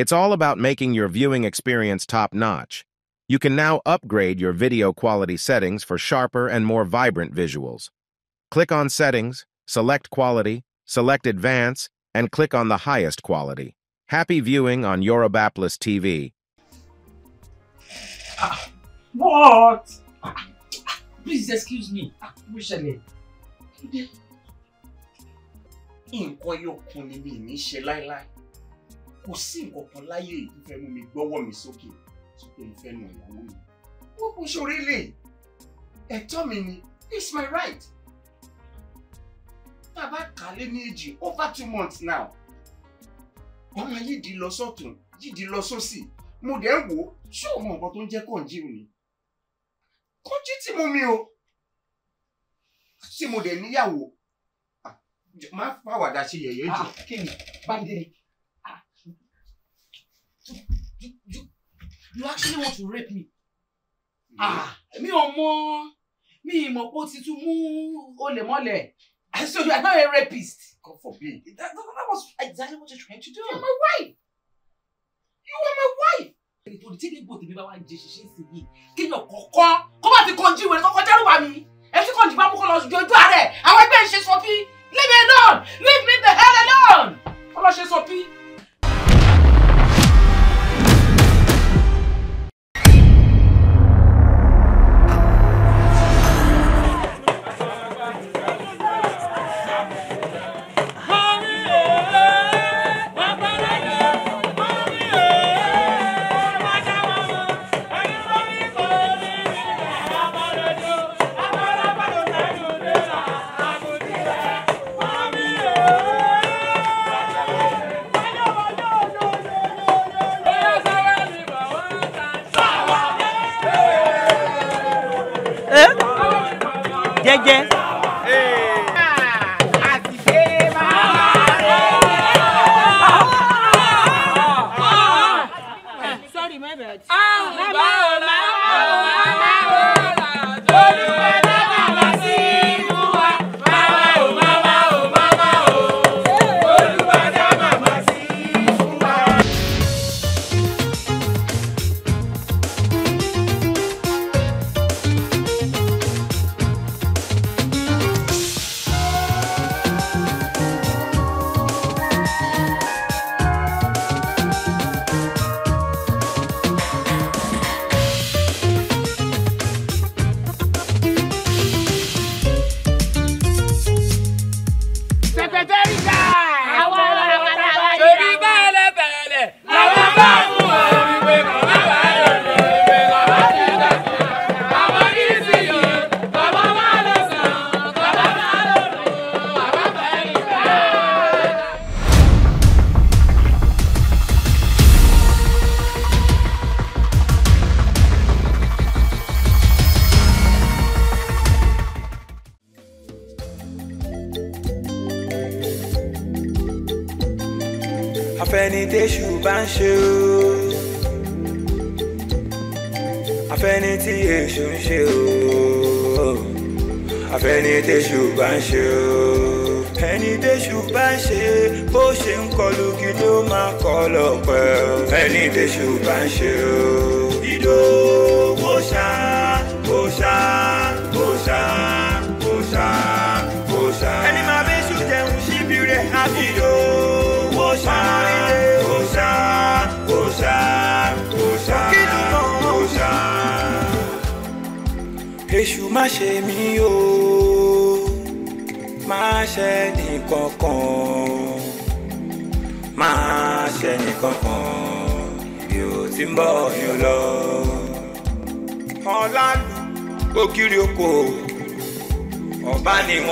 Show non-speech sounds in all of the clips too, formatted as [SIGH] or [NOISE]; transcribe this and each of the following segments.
It's all about making your viewing experience top-notch. You can now upgrade your video quality settings for sharper and more vibrant visuals. Click on Settings, select Quality, select Advance, and click on the highest quality. Happy viewing on Yorubapolis TV. what? please excuse me. Michelle. nǹkan yóò ni mi kò sí nǹkan kan láyé tó fẹ́ mú mi gbọ́wọ́ mi sókè tó pé ìyàwó mi wọ́n bó ṣorí lè ẹ̀tọ́ mi ni it's my right tá a bá kà á lé ní èjì over two months now ọmọ yídi lọ sọ́tún yídi lọ sósì mo dẹ̀ ń wò ó ṣé o mọ nǹkan tó ń jẹ́ kọ́ńjí mi kọ́ńjí tí mo mi o tí mo dẹ̀ níyàwó ah, má fàwàdà ṣe yẹ̀yẹ́ jù. Ah, kí ni bá ń dé you actually want to rape me. ah mi ò mọ mi mọ̀ pé o ti tún mú olè mọ́lẹ̀ [LAUGHS] so you are now a rapist. God forbid that, that, that was exactly what you're trying to do. You're my wife you are my wife. nítorí tí nígbò tèmi bá wá jẹ ṣiṣẹ́ sí yìí kí ni ọ̀kọ̀ọ̀kọ́ kó bá ti kọjú ìwé kọ́kọ́ dẹ́rùbà mi ẹtí kọjú bá mú kọ́ lọ jọjú ààrẹ àwọn ẹgbẹ́ ń ṣe sọ fí leave me alone leave me the hell alone kọ́ lọ ṣe sọ fí. jẹ́jẹ́.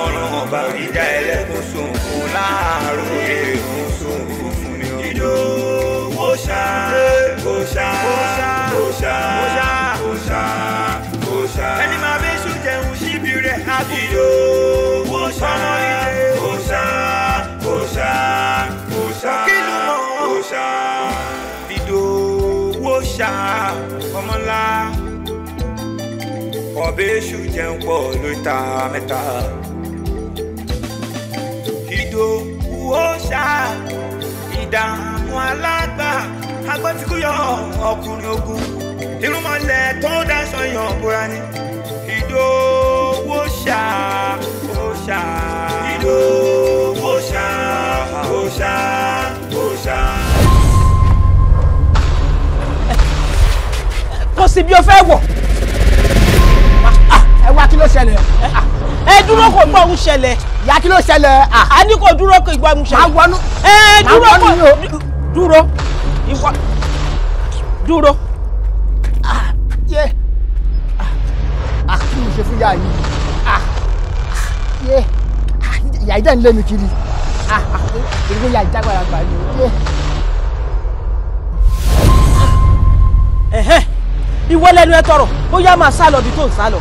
ọ̀ràn ọba ìjà ẹlẹ́kùn sunkún láàárọ̀ èrè fún sunkún fún ni o. ìjó wo ṣá wo ṣá wo ṣá wo ṣá wo ṣá wo ṣá. ẹni máa bí sùn jẹun síbi rẹ̀ á kú. ìjó wo ṣá wo ṣá wo ṣá wo ṣá wo ṣá. ìjó wo ṣá ọmọlá ọbẹ̀ èṣù jẹun pọ̀ lóta mẹ́ta. ṣá ìdààmú alágbà agbẹ́fikúyọ̀ ọkùnrin ogun irúnmọlẹ̀ tó dáṣọ yàn bóra ni ìdòwò ṣá ó ṣá ìdòwò ṣá ó ṣá ó ṣá. kò sí bí o fẹ́ wọ̀ ah, ah, ẹ wá kí ló ṣẹlẹ̀ eh, ah, ẹ dúró kò mọ̀ ọ́ ṣẹlẹ̀ ìyá kí ló ṣẹlẹ̀. Ah. a ní kò dúró kò ìgbà mu ṣẹlẹ̀. máa wọnú. ẹ dúró kò dúró Ah, dúró. Ah, ah, kí ni ṣe fún yàrá yìí ìyá ìdá ń lé mi kiri èrò ìyá ìdá gbàràgbà ni ìwọ lẹnu ẹ tọrọ ó yá máa sá lọ bí tó ń sá lọ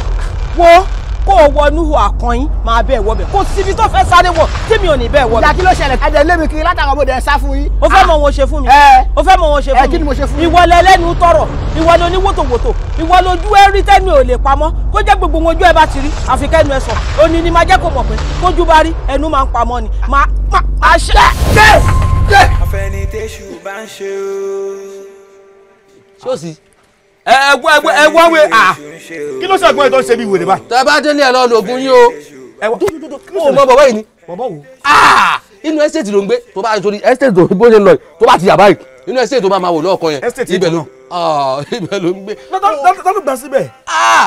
wo kó o wọnú ihò àkànyìn máa bẹ́ẹ̀ wọ bẹ̀ kó síbi tó fẹ́ sáré wọ̀ tí ò ní bẹ́ẹ̀ wọ bẹ̀. ìdá ló ṣẹlẹ̀ ẹ̀dẹ̀ lé kiri látàkọ́ mo dẹ̀ sá fún yín. o fẹ́ ah! mọ wọn ṣe fún mi o fẹ́ mọ wọn ṣe fún mi ẹ kí ni mo ṣe fún yín. ìwọ lẹlẹ́nu tọrọ ìwọ ni oníwòtòwòtò ìwọ lójú ẹ rí tẹ́nu ò lè pamọ́ kó jẹ́ gbogbo ojú ẹ bá ti rí àfi ẹ sọ òní ni máa jẹ́ kó mọ̀ pé kójú bá rí ẹnu máa ń pamọ́ ni máa máa ṣe. afẹnitẹ́sù bá ṣe o. ṣé o sì ẹwọ ẹwọ ẹwọ wẹ a. kí ló ṣe àgbọn ìtọ́ ṣe bí wèrè báyìí. tẹ bá délé ẹ lọ lo oògùn yín o. ẹwọ o mọ bọbọ yìí ni. bọbọ wo. inú estate ló ń gbé tó bá torí estate tó bó ṣe ń lọ yìí tó bá ti yà báyìí inú estate tó bá máa wò lọ́ọ̀kan yẹn ibẹ̀ ló ibẹ̀ ló ń gbé. tọ́lú gbà síbẹ̀.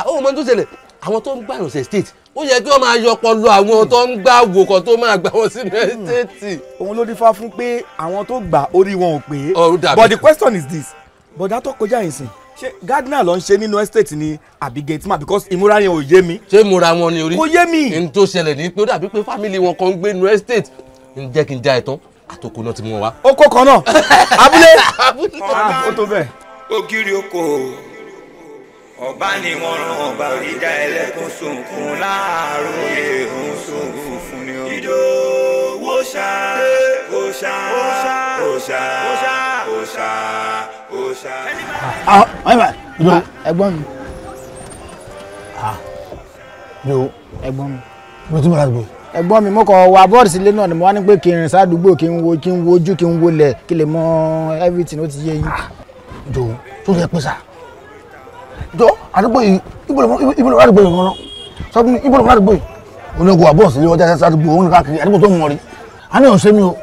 o mọ tó ṣẹlẹ̀ àwọn tó ń gbà ìrọ̀sẹ̀ state ó yẹ kí wọ́n máa yọ ọpọlọ àwọn tó ń gbà wò kan tó máa gbà wọn sínú estate. Hmm. òun ló dífá fún pé àwọn tó gbà orí wọn ò pé but the question is this bọ̀dá tó kọjá ìsìn ṣé gardener ló ń ṣe nínú estate ni àbí gateman because ìmúra yẹn ò yé mi. ṣé ìmúra wọn ni orí kò yé mi. n tó ṣẹlẹ̀ ní pé ó dàbí pé family wọn kan ń gbé nínú estate ń jẹ́ kí n já ẹ̀ tán náà ti mú wa. oko kan náà abúlé ah, ó tó bẹ́ẹ̀. ògiri oko ọba ni wọn rán ọba oríjà ẹlẹ́kùn sunkún láàárọ̀ yẹ òun sunkún fún ni o. ìdòwò ṣá òṣà òṣà òṣà òṣà yo ẹ̀gbọ́n mi. yo ẹ̀gbọ́n mi. mo ti múra gbé. ẹ̀gbọ́n mi mo kọ wa bọ́ọ̀dù sílé náà ni mo wá ní pé kí n rìn sádùúgbò kí n wo kí n wojú kí n wolẹ̀ kí lè mọ everything ó ti yé yín. jo tó yẹ pé sá jọ àdúgbò yìí ibùdó wà dùgbò yìí wọn lọ sọ fún mi ibùdó wà dùgbò yìí onígun àbọ̀ọ̀sì lé ọjà sádùúgbò òun káàkiri àdúgbò tó ń wọrí àná ò sẹ́mi o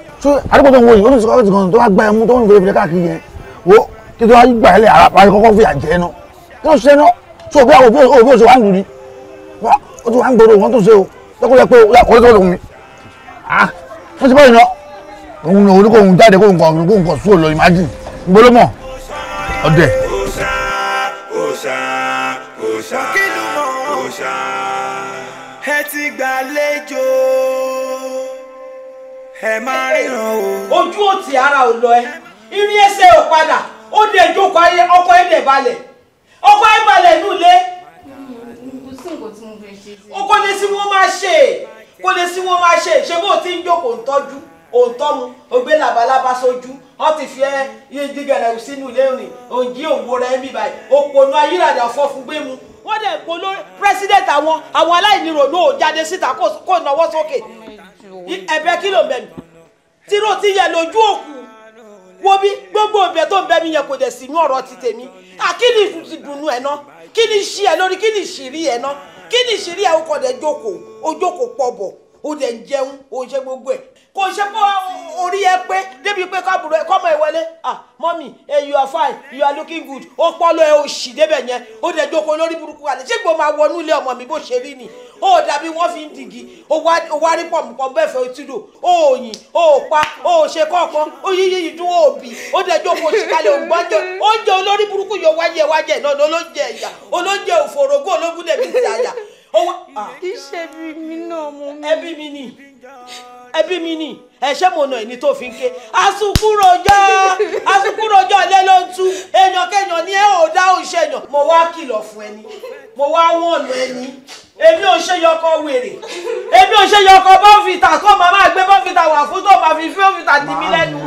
àdúgbò tó ń wọrí oníṣòwò tó ń wọrí tó wá gbá ẹmu tó ń gbèrè fìlẹ̀ káàkiri yẹn wo kí tó wá gbà ẹ́ ara parí kọ́kọ́ fìyà jẹ ẹ́ kí wọ́n ṣe náà tó bí àwọn òbí òṣèwà ń lù ní ó ti wá ń gbòòrò wọ́n tó ṣe o lọ́kọ́ yẹ pé ọ̀rẹ́ tó lòun mi ojú ò ara ò lọ ẹ irin ẹsẹ̀ ò padà ó dẹ̀ jókòó ayé ọkọ ẹ̀ dẹ̀ balẹ̀ ọkọ ẹ̀ balẹ̀ nù lé. o kò lè sí wọn máa ṣe kò lè sí wọn máa ṣe ṣé bó ti ń jókòó ń tọ́jú òǹtọ́nu ògbé làbálábá sójú wọ́n ti fi ẹ́ yé dígẹ̀rẹ̀ sínú ilé rìn òǹjí òwò rẹ̀ ń bì báyìí òpònú ayíradà ọ̀fọ́ fún gbé mu. wọ́n dẹ̀ polo pírẹ́sídẹ̀ntì àwọn àwọn aláìní ròdó ò jáde síta kó náwó sókè ẹ̀bẹ̀ kí ló mẹ́nu tíró ti yẹ lójú òkú wo bí gbogbo ìbẹ tó ń bẹ mi yẹn kò dẹ̀ sí inú ọ̀rọ̀ ti tèmi à kí ni ti dùnú ẹ̀ náà kí ni ṣí ẹ lórí kí ni ìṣírí ẹ náà kí ni ìṣírí ẹ ó kọ̀ dẹ̀ jókòó ó jókòó pọ̀ bọ̀ ó dẹ̀ ń jẹun ó ṣe gbogbo ẹ̀ kò ṣe pé orí ẹ pé débi pé káàbùrù ẹ kọ́mọ ẹ wọlé ah mọ́mì eh, you are fine you are looking good ó pọ́lọ ẹ òṣì débẹ̀ yẹn ó dẹ̀ jókòó lórí burúkú àlẹ́ ṣé gbọ́n máa wọnú ilé ọmọ mi bó ṣe rí ni ó dàbí wọ́n fi ń dìgì ó wá rí pọ̀npọ̀n bẹ́ẹ̀ fẹ́ otí dò ó yìn ó pa ó ṣe kọ̀ọ̀kan ó yí yí ìdún òbí ó dẹ̀ jókòó ṣìkalẹ̀ òǹgbọ́njẹ oúnjẹ olórí burúkú yóò wáyé wájẹ náà olóúnjẹ ẹ̀yà olóúnjẹ òfòrògó ológúnlẹ̀ mi ti àyà Ah. Ah. kì í ṣe bí mi náà mo mi. ẹbí mi ni ẹbí mi ni ẹṣẹ mọ̀nà ẹni tó fi ń ké asukúròjọ́ asukúròjọ́ ilé ló ń tú èèyàn kéèyàn ní ẹ ò dá òṣèyàn mo wá kìlọ̀ fún ẹni mo wá wọ̀nà ẹni èmi ò ṣe yọkọ wèrè èmi ò ṣe yọkọ bọ́ǹfìtà kó màá gbé bọ́ǹfìtà wà fún tó màá fi bọ́ǹfìtà tì mí lẹ́nu.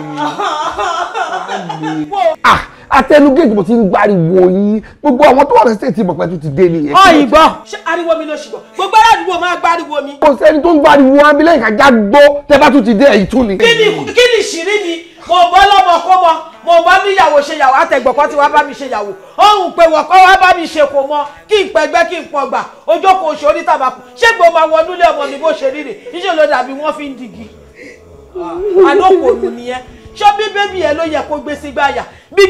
Ah atẹnugéèjì mo ti ń gbariwo yín gbogbo àwọn tó wà ní state mọ̀ pẹ̀lú ti dé nìyẹn. ọ ìgbọ́ ṣé ariwo mi ló ṣùgbọ́ gbogbo ará àdúgbò máa gbariwo mi. kò sẹ́ni tó ń gbariwo amílẹ̀ ìkàjá gbó tẹ́ bá tún ti dé ẹ̀yìn tún ni. kí ni kí ni ìṣírí mi mo bọ́ lọ́mọ kó mọ mo bọ́ níyàwó ṣe yàwó àtẹ̀gbọ̀kọ́ tí wàá bá mi ṣe yàwó ọ̀hún pé wọ́n kọ́ wàá bá mi ṣe kò mọ kí n pẹ̀gbẹ́ kí n pọ̀gbà ojókòó oṣù onítàbàkù ṣé gbogbo àwọn ọdúnlé ọmọ mi bó ṣe rí rè níṣẹ́ ló dàbí wọ́n fi ń digi ah, àdókòlù nìyẹn ṣọ́ bí bébì ẹ ló yẹ kó gbé sígbà yà bí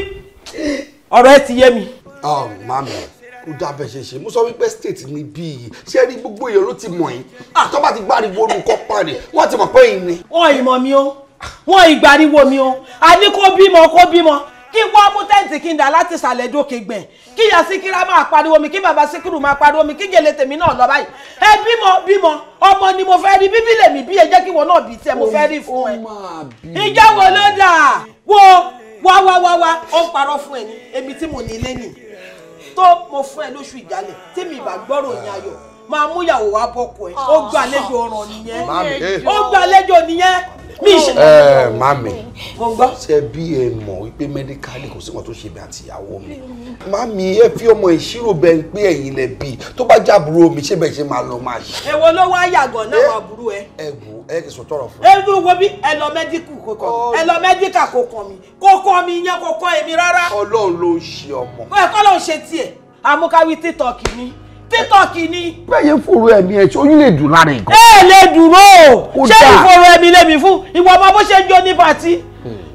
ọ̀rọ̀ ẹ ti yé mi. Oh, mami kò dá bẹ́ẹ̀ ṣe ṣe mo sọ wípé state ni bíi ṣé rí gbogbo èèyàn ló ti mọ̀ yín àtọ́ ah, bá ti gbáriwo olùkọ́ parí wọ́n ti mọ̀ pé yín ni. wọn ìmọ̀ mi o wọn ìgbàriwo mi o a ní kó bímọ kó bímọ kí wọ́n mú tẹ́ǹtì kí n dà láti ìsàlẹ̀ dókè gbẹ̀ kí ìyá síkírá máa pariwo mi kí bàbá síkírù máa pariwo mi kí gèlè tèmi náà lọ báyìí ẹ bímọ bímọ ọmọ ni mo fẹ́ rí bíbí lèmi bí ẹ jẹ́ kí wọn náà bí tiẹ̀ mo fẹ́ rí fún ẹ ìjà wo ló dà wo wá wá wá wá ó ń parọ́ fún ẹ ní èmi tí mo ní ilé tó mo fún ẹ lóṣù ìjálẹ̀ tí mi ìbá gbọ́rò yín ayọ̀ máa mú ìyàwó wa bọ́kọ ẹ ó ah. gbàlejò ọ̀ràn nìyẹn ó gbàlejò nìyẹn mi ṣe. ẹ mami oh. ṣe bí ẹ mọ̀ wípé mẹdíkálì kò sí wọn tó ṣe bí àtìyàwó mi mm. mami ẹ fi ọmọ ìṣirò bẹ ń pé ẹ̀yin lẹ bí tó bá jábúrò mi ṣé bẹ́ẹ̀ ṣe máa lọ máa ṣe. èwo ló wá yàgò náà eh? wà burú ẹ. ẹ wò ẹ kì í sọ tọrọ fún. ewu wo bí ẹ lọ mẹdíkù kò kàn mí oh. ẹ lọ mẹdíkà kò kàn mí kò kàn mí yẹn kò kàn èmi rárá. Ọlọ́run ló ń ṣe ọmọ. ẹ kọ́ ló ń ṣe tiẹ̀ àmúkáwí títọ́ọ̀kì ni títọ́ọ̀kì ni. bẹ́ẹ̀ fòrò ẹ̀mí ẹ̀ tí oyún lè dùn lára nǹkan. ẹ lè dúró ṣé ìfòrò ẹ̀mí lèmi fún ìwọ ọmọ bó ṣe ń jó ní pàtí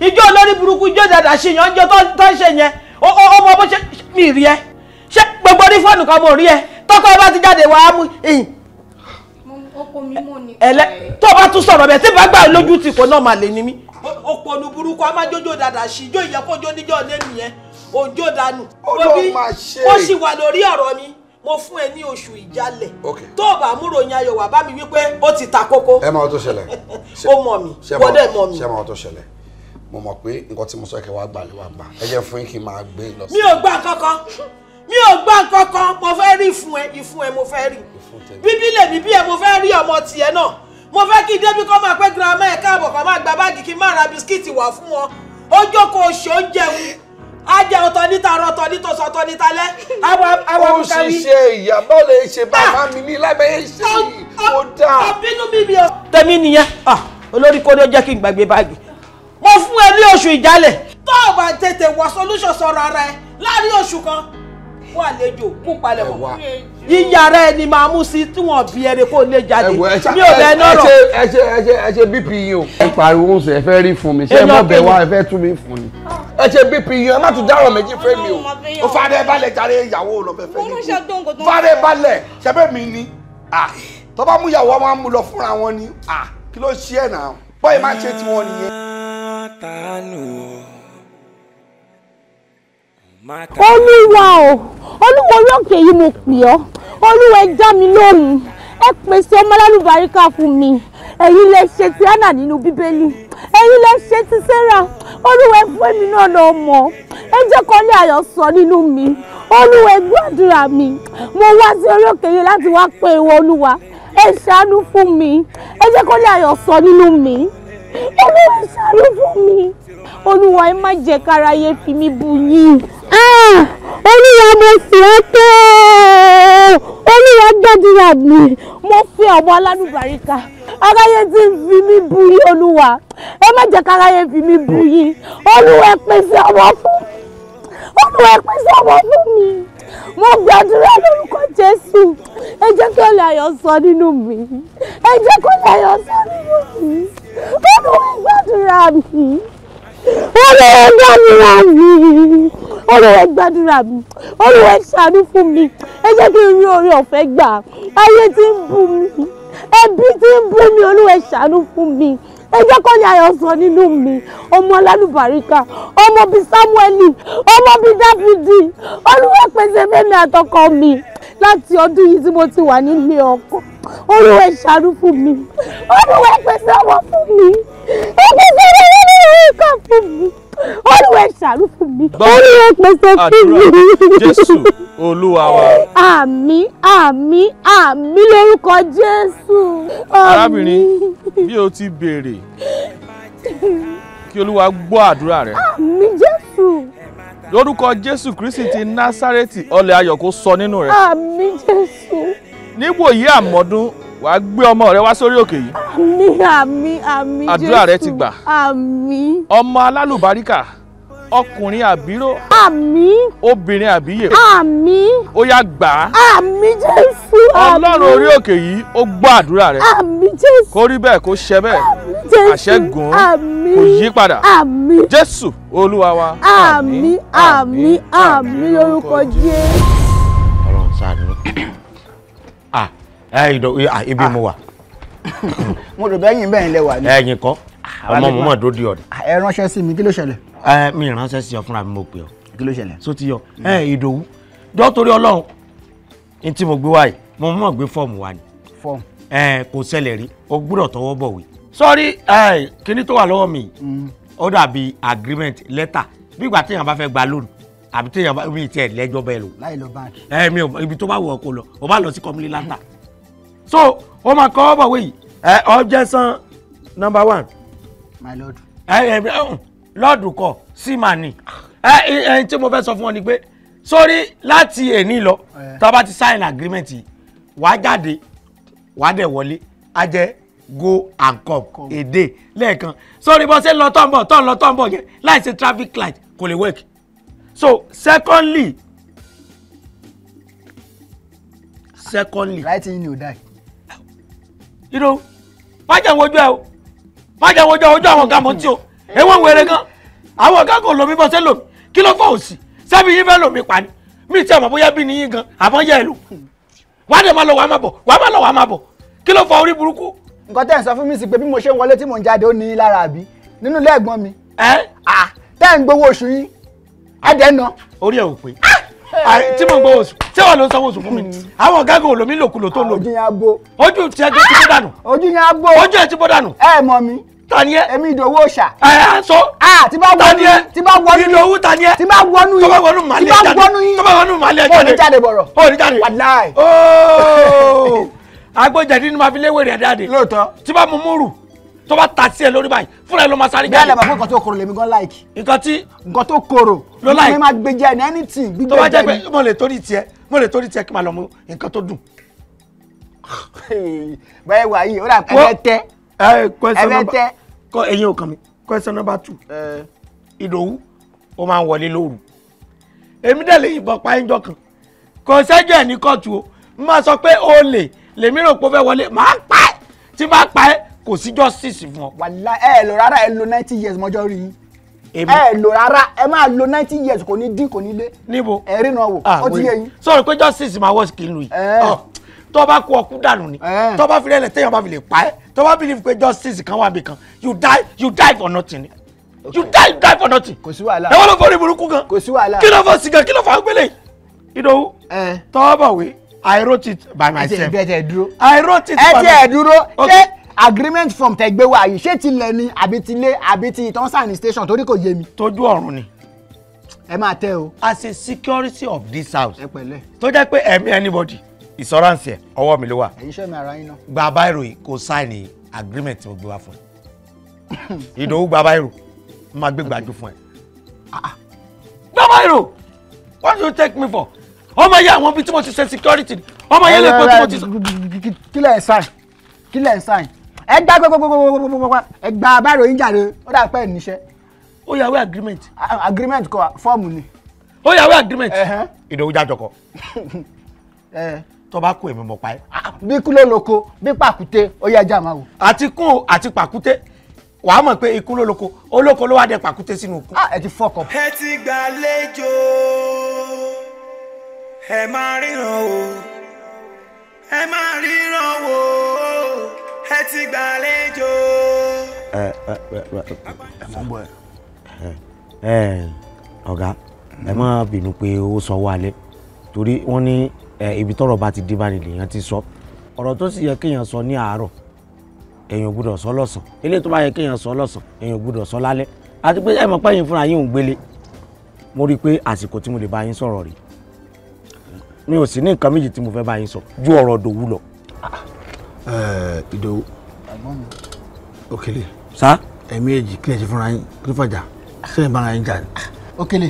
ìjó hmm. olórí burúkú ìjó dàdà ṣe yàn ń jó tó ń ṣe yẹn ọmọ bó ṣe mi rí ẹ ṣé gbogbo ní fóònù kan mo rí ẹ tọkọ ẹ bá ti jáde wàá mú ìyìn. ọkọ mi mọ ni. ẹlẹ tó o bá tún sọ̀rọ̀ bẹ́ẹ̀ tí bá gbà lójú tì kó náà máa lè ní mí. òpònú burúkú a máa jójó dàdà sí ijó ìyẹn kó jó níjọ́ lé mi yẹn òjò dànù. ó lọ máa ṣe é. ó sì wà lórí ọ̀rọ̀ mi mo fún ẹ ní oṣù ìjálẹ̀ tó o bá múrò yan ayọ̀ wá bá mi wípé ó ti ta kókó. ẹ máa tó ṣẹlẹ̀ [LAUGHS] ó mọ̀ mi bọ́dẹ̀ mọ̀ mi. ṣé máa tó ṣẹlẹ̀ mo mọ̀ pé nǹkan tí mo sọ kẹwàá gbà lè wá gbà ẹ jẹ́ fún yín kí n máa gbé lọ. mi ò gbà kankan mi ò gbà kankan mo fẹ́ rí ìfun ẹ ìfun ẹ mo fẹ́ rí bíbí lè bíbí ẹ mo fẹ́ rí ọmọ tiẹ̀ náà mo fẹ́ kí débi kọ́ máa pẹ́ girama ẹ̀ káàbọ̀ kọ́ máa gba báàgì kí n má ra bisikíìtì wà fún wọn ó jókòó ṣe oúnjẹ a jẹ ọ̀tọ̀ níta ọ̀rọ̀ ọ̀tọ̀ níta ọ̀sọ̀ ọ̀tọ̀ níta lẹ. àwa bukawi. ó ṣiṣẹ́ ìyá báwo lè ṣe bàbá mi ní lábẹ́ ṣe ah, ah, ó dáa. Ah, ọ̀bínú mi mi o. tèmi nìyẹn olórí kó ló jẹ́ kí n gbàgbé báàgì mo fún ẹ ní oṣù ìjálẹ̀. tó o bá tètè wọ solution sọ̀rọ̀ ara ẹ láàrin oṣù kan wà lẹ́jọ́ kú palẹ̀ mọ́ yíyára ẹni máa mú sí tí wọn bí ẹni kó lè jáde mi ò lẹ nọrọ. ẹ ṣe ẹ ṣe ẹ ṣe bp yín o. ẹ pariwo ń ẹ fẹ́ rí fún mi ṣé ẹ má bẹ̀ wá ẹ fẹ́ tún mi fún ni. Ah. ẹ ṣe bp yín ẹ má tún dárọ̀ méjì fẹ́ mi o o fàdé balẹ̀ jàre ìyàwó lọ fẹ́ fẹ́ mi fàdé balẹ̀ ṣẹ́fẹ́ mi ni tó mú ìyàwó wọn á mú lọ fúnra wọn ni kí ló ṣe ẹ̀ náà bọ́ọ̀ máa ṣe tiwọn nìyẹn. olúwa o olúwo orí òkè yìí mo pè ọ́ olúwa ẹ dá mi lóhùn ẹ pèsè ọmọ alálùbáríkà fún mi ẹ̀yin lẹ ṣe ti hánà nínú bíbélì ẹ̀yin lẹ ṣe ti sẹ́ra olúwa ẹ fún èmi náà lọ mọ̀ ẹ jẹ́ kó ní àyọ̀ sọ nínú mi olúwa ẹ gbọ́ àdúrà mi mo wá sí orí òkè yìí láti wá pé ìwọ olúwa ẹ ṣàánú fún mi ẹ jẹ́ kó ní àyọ̀ sọ nínú mi olúwa ẹ ṣàánú fún mi olúwa ẹ má jẹ́ kára yé fi mi bù yín. Ah! olúwa mo sì ẹ́ tó olúwa gbàdúrà mi mo fi àwọn alálùbáríkà aráyé tí ń fi mí bu yín olúwa ẹ má jẹ́ káráyé fi mí bu yín olúwa ẹ pèsè ọmọ fún olúwa ẹ pèsè ọmọ fún mi mo gbàdúrà lórúkọ jésù ẹ jẹ́ kí olè ayọ̀ sọ nínú mi ẹ jẹ́ kí olè ayọ̀ sọ nínú mi olúwa ẹ gbàdúrà mi olúwa gbàdúrà mi olúwa gbàdúrà mi olúwa ṣàánú fún mi ẹ jẹ́ kí n rí orí ọ̀fẹ́ gbà ayé tí ń bú mi ẹbí tí ń bú mi olúwa ṣàánú fún mi ẹ jẹ́ kọ́ ni ayọ̀ sọ nínú mi ọmọ alálùbáríkà ọmọ bíi Sámúẹ́lì ọmọ bíi Dáfídì olúwa pèsè mẹ́mi àtọkọ mi láti ọdún yìí tí mo ti wà nílé ọkọ olúwa ṣàánú fún mi olúwa pèsè ọmọ fún mi ẹgbẹ́ sọ̀rọ̀ yẹn ní orí kan fún mi olúwa ẹ ṣàánú fún mi olúwa ẹ pèsè fún mi. jésù olúwa wa. àmín àmín àmín lórúkọ jésù. arábìnrin bí o ti béèrè kí olúwa gbọ́ àdúrà rẹ. àmín jésù lórúkọ jésù kristi ti násárẹ́tì ọlẹ̀ ayọ̀ kó sọ nínú rẹ̀. àmín jésù. níwòyí àmọ́dún wà á gbé ọmọ rẹ wá sórí òkè yìí. àmín àmín àmín jésù àdúrà rẹ ti gbà. àmín. ọmọ alálùbáríkà ọkùnrin àbíró. àmín. obìnrin àbíyè. àmín. ó yá gbà á. àmín jésù. ọlọ́run orí òkè yìí ó gbọ́ àdúrà rẹ. àmín jésù. kó rí bẹ́ẹ̀ kó ṣẹ bẹ́ẹ̀. àmín jésù. àṣẹ gùn ún kò yí padà. àmín. jésù olúwa wa. àmín àmín àmín lórúkọ jésù. ọlọ́run ṣàánú ẹ ìdọ̀ ibi ah. mu wà. [COUGHS] mo rò bẹ́yìn bẹ́yìn lẹ wà ní. ẹ̀yin kọ́ ah, ọmọ mi mọ̀ dódì ọ̀dẹ. Ah, ẹ ránṣẹ́ sí mi kí ló ṣẹlẹ̀. ẹ mi ránṣẹ́ sí ọ fúnra mi mo pè ọ. kí ló ṣẹlẹ̀. so ti yọ ẹ ìdòwú jọ torí Ọlọ́run n tí mo gbé wá yìí mo mọ̀ gbé fọ́ọ̀mù wa ni. fọ́ọ̀mù. ẹ kò ṣẹlẹ̀ rí o gbúdọ̀ tọwọ́ bọ̀wé. sọ́rí ẹ kíní tó wà lọ́wọ́ mi mm. ó dàbí agreement letter bí ìgbà téèyàn bá fẹ́ gba lónìí àbí téèyàn bá mi tiẹ̀ lẹ́jọ́ bẹ́ẹ̀ lò. láì lọ báńkì. ẹ mi ò ibi tó bá wù ọ kó lọ o bá lọ sí kọ́mílì látà so ó máa kọ́ bọ̀wé yìí ẹ number one. my lord. ẹ ẹ lọ́ọ̀dù kọ sí màá ni ẹ ẹ tí mo fẹ́ sọ fún ọ ni pé sórí láti èní lọ tá a bá ti sign agreement yìí wàá jáde wàá dẹ̀ wọlé á jẹ́ go and come èdè lẹ́ẹ̀kan sórí bọ́sẹ̀ lọ tọ́ ń bọ̀ tọ́ ń lọ tọ́ ń bọ̀ yẹn láì ṣe traffic light kò lè work so secondly secondly. writing ni o die irọ́ má jẹ́ wojú ẹ o má jẹ́ wojú ojú àwọn ọ̀gá mọ́tì o ẹ̀wọ̀n wẹ̀rẹ̀ gan àwọn ọ̀gá kò lomi bọ́sẹ̀ lomi kí ló fọ́ òsì sẹ́bi yín fẹ́ lomi pa ni mi ti àmọ́ bóyá bí ni yín gan àmọ́ yẹ ẹ lò wàá dẹ̀ máa lọ wàá máa bọ̀ wàá máa lọ wàá máa bọ̀ kí ló fọ orí burúkú. nǹkan tẹ́ ẹ̀ sọ fún mi sí pé bí mo ṣe ń wọlé tí mò ń jáde ó ní í lára àbí nínú ilé ẹ̀gbọ́n mi. Ah, ẹ tẹ́ ẹ̀ ń gbowó oṣù yín ẹ̀ dẹ́ ná. orí ẹ̀ ò pé. Ah! tí mo ń oṣù ṣé wà ló ń sanwó oṣù fún mi hmm. àwọn gágò olómi lòkulò tó lò ojú tí ẹ ti bó dànù ojú yẹn bó ojú ẹ ti bó dànù. ẹ mọ̀ mi tani ẹ èmi ìdòwò ṣà. ẹ ẹ sọ tí bá wọnú tí bá wọnú ẹ tí bá wọnú yìí tí bá wọnú màálí ẹ jáde tí bá wọnú màálí ẹ jáde. jáde bọ̀rọ̀ òní jáde wàláì. ooo agbójẹ̀dí fi léwèrè ẹ̀ lóòótọ́ tí bá mu múrù tó bá ta sí ẹ lórí báyìí fúnra ẹ ló máa sáré jáde. bẹ́ẹ̀ lè bá fún nǹkan tó korò lèmi gan like. nǹkan tí. nǹkan tó korò. ló like mi máa gbé jẹ ní anything gbígbé jẹ ní. tó bá jẹ pé mo lè torí tiẹ mo lè torí tiẹ kí n máa lọ mu nǹkan tó dùn. [LAUGHS] bẹ́ẹ̀ wà yìí ó dà ẹ̀fẹ̀ tẹ́. ẹ̀fẹ̀ tẹ́. kọ ẹyin òkan mi question number two. ìdòwú ó máa ń wọlé lóru. èmi dẹ̀ lè yìnbọn pa ẹ̀ńjọ kan kò sẹ́jọ́ ẹ̀ ní kóòtù o máa sọ pé olè lèmi rò pé ó fẹ́ kò sí justice fún ọ. wàlá ẹ lò rárá ẹ lò ninety years mọ́jọ́ rí i ẹ lò rárá ẹ máa lò ninety years kò ní dín kò ní lé. níbo ẹ rí náà wò ah, ó ti yé yín. sọ̀rọ̀ pé justice máa wọ́ skin lu yìí ah, tó bá kú ọkú dànù ni tó bá fi lẹ́lẹ̀ téèyàn bá fi lè pa ẹ́ tó bá believe pé justice kan wà bìkan you die you die for nothing ni you die you die for nothing. kò sí wàhálà ẹ wọ́n lọ fọ́ọ̀rì burúkú kan kò sí wàhálà kí ló fọ́ sìgá kí ló fọ́ àgbélé ìdòwú tọ́wọ́ bọ̀wé I wrote it by myself I wrote it by myself. ẹ ti ẹ dúró ṣé agreement from tẹ̀gbẹ́ wa yìí ṣé tilẹ̀ ni àbí tilé àbí ti ìtọ́nsàn station torí kò yé mi. tójú ọ̀run ni. ẹ máa tẹ o. as a security of this house. ẹ pẹ̀lẹ́. tó jẹ́ pé ẹ̀mí anybody ìsọ́ránsì ẹ̀ ọwọ́ mi ló wà. èyí ṣe mi ara yín náà. gba báírò yìí kó sáìnì agreement tí mo gbé wá fún ẹ. ìdòwú gba báírò máa gbé gbàjú fún ẹ. Ah, ah. gba báírò what do you take me for? ọmọ yẹ àwọn ibi tí mo ti ṣe security ọmọ yẹ lè pẹ́ tí mo ti. kílẹ̀ ẹ̀ sáìn kílẹ̀ ẹ̀ sáìn ẹ gbá gbogbogbogbogbogbogbogbogbogbo ẹ gba abáàrò yín jàre ó dà pẹ́ níṣẹ́. ó yàwé agreement. agreement kọ fọ́ọ̀mù ni. ó yàwé agreement. ìdòwú jájọ kọ [LAUGHS] tọba kú èmi mọ̀ pa ẹ́. bí kú ló loko bí pàkúté ó yẹ ẹja máa wò. àti kún àti pàkúté loko olóko ló wá dé pàkúté sínú ikú. ẹ ti fọkọ. ẹ ẹ ti gbàlejò. ẹ ẹ ẹ mọ bọ ẹ. ẹ ọ̀gá ẹ má bínú pé ó sanwó alẹ́ torí wọ́n ní ibi tọ́rọ̀ bá ti dé bá nílẹ̀ yẹn ti sọ ọ̀rọ̀ tó sì yẹ kéèyàn sọ ní àárọ̀ èèyàn gbúdọ̀ sọ lọ́sàn eléyìí tó bá yẹ kéèyàn sọ lọ́sàn èèyàn gbúdọ̀ sọ lálẹ́ àti pé ẹ mọ̀ pé yín fúnra yín ń gbélé mo rí i pé àsìkò tí mo lè bá yín sọ̀rọ̀ rèé mi ò sì ní nǹkan méjì tí mo fẹ́ bá yín sọ ju ọ̀rọ̀ Dòwú lọ. Eh, ìdòwú òkèlè. sa. ẹ̀mí èjì kí lè ṣe fúnra yín kí ló fàjà sẹ́yìn bára yín jà ni. òkèlè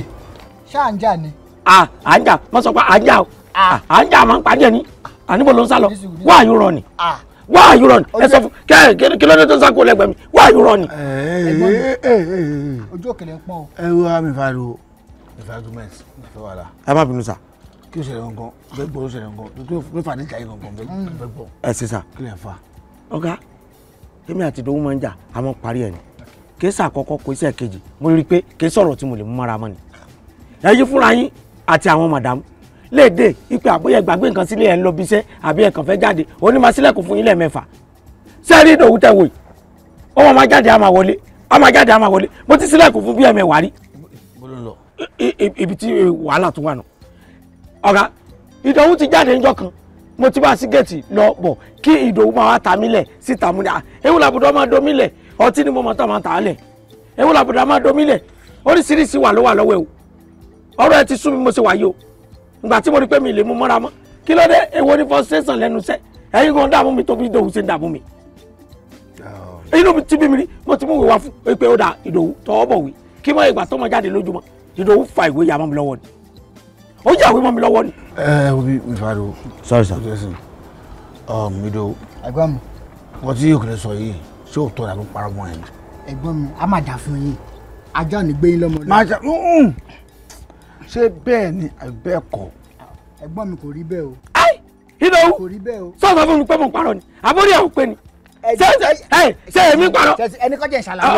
ṣáà ń jà ni. à à ń jà wọ́n sọ pé à ń jà o à ń jà máa ń pàdé ni àníbo ló ń sá lọ wá àyúrọ̀ ni wá àyúrọ̀ ni ẹ sọ fún kẹ kí ló dé tó ń sá kó lẹ́gbẹ̀ẹ́ mi wá àyúrọ̀ ni. ojú òkèlè ń pọ́n o. ẹ wá mi fa do mi fa do mẹ́sì mi fẹ́ wà lá. ẹ má bínú sa kí ṣẹlẹ̀ gangan bẹ́ẹ̀ gbọ́ ṣẹlẹ̀ gangan ló fà ní ìjà yìí gangan bẹ́ẹ̀ gbọ́. ẹ sísan kí lè fa. ọ̀gá èmi àti ìdòwú máa ń jà a máa ń parí ẹ̀ ni kì í sàkọ́kọ́ kò í sẹ́ẹ̀kejì mo rí i pé kì í sọ̀rọ̀ tí mo lè mú mọ́ra mọ́ ni. ẹ̀yin fúnra yín àti àwọn màdàmú léde ipe àbóyẹ gbàgbé nǹkan sílé ẹ̀ ń lọ bí iṣẹ́ àbí ẹ̀ kàn fẹ́ jáde onímọ̀sílẹ̀kùn fún yín lẹ́ẹ̀mẹ́fà sẹ́ẹ̀rí ìdòwú tẹ̀ wò yìí ó wọn máa jáde á máa wọlé á máa jáde á máa wọlé mo ti sílẹ̀kùn fún bí ẹ̀mẹ̀wá rí ibi tí wàhálà tún wà náà ọ̀gá ìdòwú ti jáde ńjọ́ kan mo ti bá sí gẹ̀ẹ́tì lọ bọ̀ kí ìdòwú máa wá ta mí lẹ̀ síta múni ewu làbùdó máa domi lẹ̀ ọtí ni mo mọ̀ tó máa tà á lẹ̀ ewu làbùdó máa domi lẹ̀ oríṣiríṣi wà ló wà lọ́wọ́ ewu ọ̀rọ̀ ẹ ti sú mi mo ṣe wáyé o ìgbà tí mo rí pé mi lè mú mọ́ra mọ́ kí ló dé èwo ni frustration lẹ́nu iṣẹ́ ẹ̀yin kan dààmú mi tó fi ìdòwú ṣe dààmú mi inú mi ti bí mi rí mo ti mú ìwé wá fún pé ó dà ìdòwú tọ́ ọ bọ̀ wí kí mọ́ ìgbà tó mọ jáde lójúmọ́ ìdòwú fa ìwé yàmọ́ mi lọ́wọ́ ni ó yà wí mọ́ mi lọ́wọ́ ni. ẹ ẹ obi mi fa do. sorry sir. mi do. ẹ̀gbọ́n mi. wọ́n ti òkèlè sọ yìí ṣé òótọ́ ìyàgbọ́ parọ́ mọ́ ẹ̀ ni. ẹ̀gbọ́n mi a máa dà fún yín ajá ò ní gbé yín lọ́mọ lọ. máa jà ṣé bẹ́ẹ̀ ni bẹ́ẹ̀ kọ́. ẹ̀gbọ́n mi kò rí bẹ́ẹ̀ o. ẹ ìdá o sọ́ọ̀sọ́ fún mi pé mo parọ́ ni àbórí àwọn pé ni ṣe ṣe ṣe èmi parọ́. ẹni kọ́ jẹ́ ìṣàlàyé.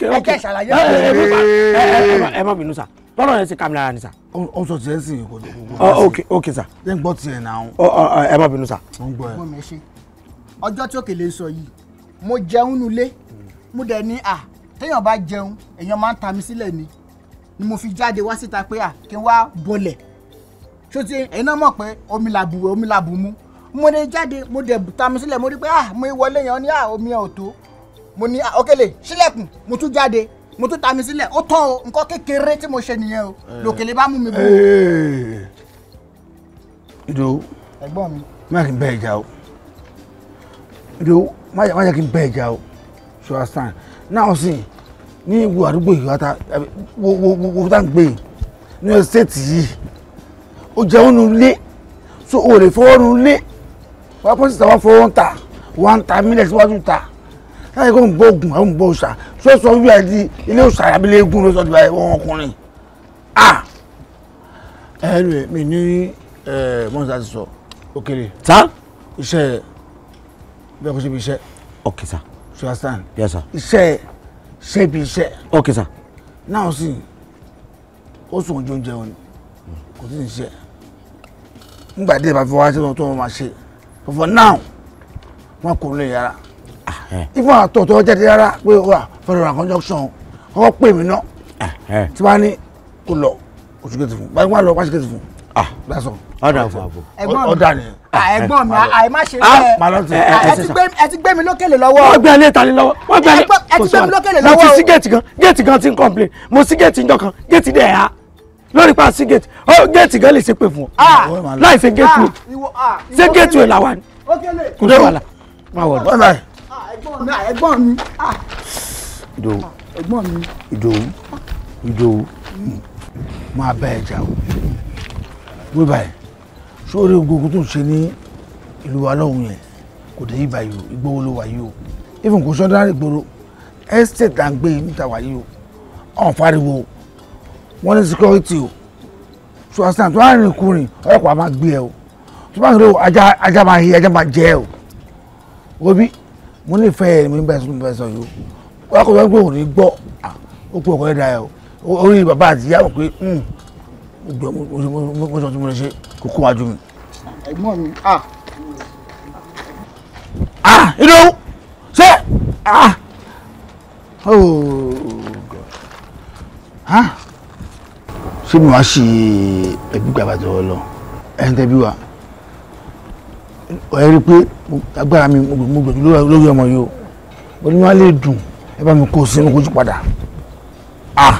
ẹ jẹ́ ìṣàlàyé. ẹ má bínú sá tọ́lọ̀ yẹn ti kà mí lára ni sà. ó sọ tiẹ̀ sí i kò tó gbogbo. Oh, ok ok sa. ṣé n gbọ́ tiẹ̀ náà. Oh, oh, ẹ má bínú sà. ó ń gbọ́ ẹ. ọjọ́ tí òkèlè sọ yìí mo jẹun nulẹ̀ mo dẹ̀ ní à téèyàn bá jẹun èèyàn máa ń ta mi sílẹ̀ ni ni mo fi jáde wá síta pé à kí n wá bọlẹ̀ ṣó ti ẹ̀yin náà mọ̀ pé omi làbùwẹ̀ omi làbùmú mo dẹ̀ jáde mo dẹ̀ ta mi sílẹ̀ mo rí pé à mo wọlé yẹn ní à omi ẹ̀ ò tó mo ní à Òkèlè sílẹ̀kùn mo tún jáde mo tún ta mi sílẹ̀ ó tán o nǹkan kékeré tí mo ṣe nìyẹn o eh. lòkèlè bá mú mi bú. Eh. ìdò ẹ̀gbọ́n mi. má kí n bẹ ìjà o ìdò má jẹ́ kí n bẹ ìjà o ṣọ́ àṣàn náà sì ní ìwò àdúgbò ìyáta wo wo wo wo tá n gbé ní ẹsẹ̀tì yìí ó jẹ́ ònú lé so o lè fọwọ́ nu lé wàá pọ́sítà wàá fọwọ́ ń ta wàá ń ta mílẹ̀ síwájú ta láyé kó ń bọ́ ògùn àwọn ń bọ́ òòṣà ṣó sọ wíwá ẹ di ilé òṣàlà abilé egun ló sọ ti báyìí wọn ọkùnrin ah ẹnu mi ní mọ́nsá ti sọ òkèlè sa iṣẹ́ bẹ́ẹ̀ kó ṣe bí iṣẹ́ ok sa ṣe understand yes sir iṣẹ́ ṣe bí iṣẹ́ ok sa náà sì ó sùn ojú oúnjẹ òní kò tí ì ṣe nígbà díẹ̀ bá fi wá ṣe tó tó wọn máa ṣe but for wọn kò lè yára ifọ̀ àtọ̀tọ̀ jáde rárá pé wà fẹ́rẹ̀ ra kọ́kọ́ pè mí ná eh, eh. tí wàá ní kò lọ oṣù kejì fún báyìí wọ́n lọ wáṣí kejì fún ah. lásọ. ọ̀dà fún àbò ọ̀dà ni. Ah, ah, ẹ̀gbọ́n mi àìmá ṣe ẹ ti gbé mi lókèlè lọ́wọ́. wọ́n gbé alẹ́ ìtàlẹ́ lọ́wọ́ wọ́n gbé eh, gbé mi lókèlè mo ti sí géètì kan géètì kan ti ń complain mo sí géètì ń jọkan géètì dẹ̀ ha lórí pa sí géètì ó géètì gan lè ṣe pé fún ọ láì ṣe géètì ṣe géètì ẹ̀ làwọn ni kò dé wàhálà ẹ̀gbọ́n mi ẹ̀gbọ́n mi. ìdòwú ẹ̀gbọ́n mi. ìdòwú ìdòwú máa bá ẹ jà o wí báyìí sórí gbogbo tó ń ṣe ní ìlú wa lọ́hùn yẹn kò dé ibà yìí o ìgbówó ló wà yìí o even kò sọ́dọ̀ ìgboro estate à ń gbé níta wà yìí o ọ̀n fariwo wọ́n ní security o ṣùgbọ́n tó bá rìn kùnrin ọlọ́pàá máa gbé ẹ o tó bá rìn o ajá máa hi ajá máa jẹ ẹ o òbí mo nífẹ̀ẹ́ ẹ̀ mi bẹ́ẹ̀ sọ́nù bẹ́ẹ̀ sọ yìí o wọ́n á kọ́ wọ́n pé òun ní gbọ́ ó pé ọkọ̀ ẹ̀dá ẹ̀ o orí bàbá àti ìyá mọ̀ pé hmm, mo sọ tí mo lè ṣe kó kó wájú mi. ẹ̀gbọ́n mi ah. ah inú ṣé ah oh god ah ṣé mi wá ṣe ẹbí gbàgbà tó lọ ẹ̀ ń tẹ́bí wa ọ̀rẹ́ rí pé agbára mi mo gbèjú lórí ọmọ yìí o mo ní wọn lè dùn ẹ bá mi kó sínú kojú padà ah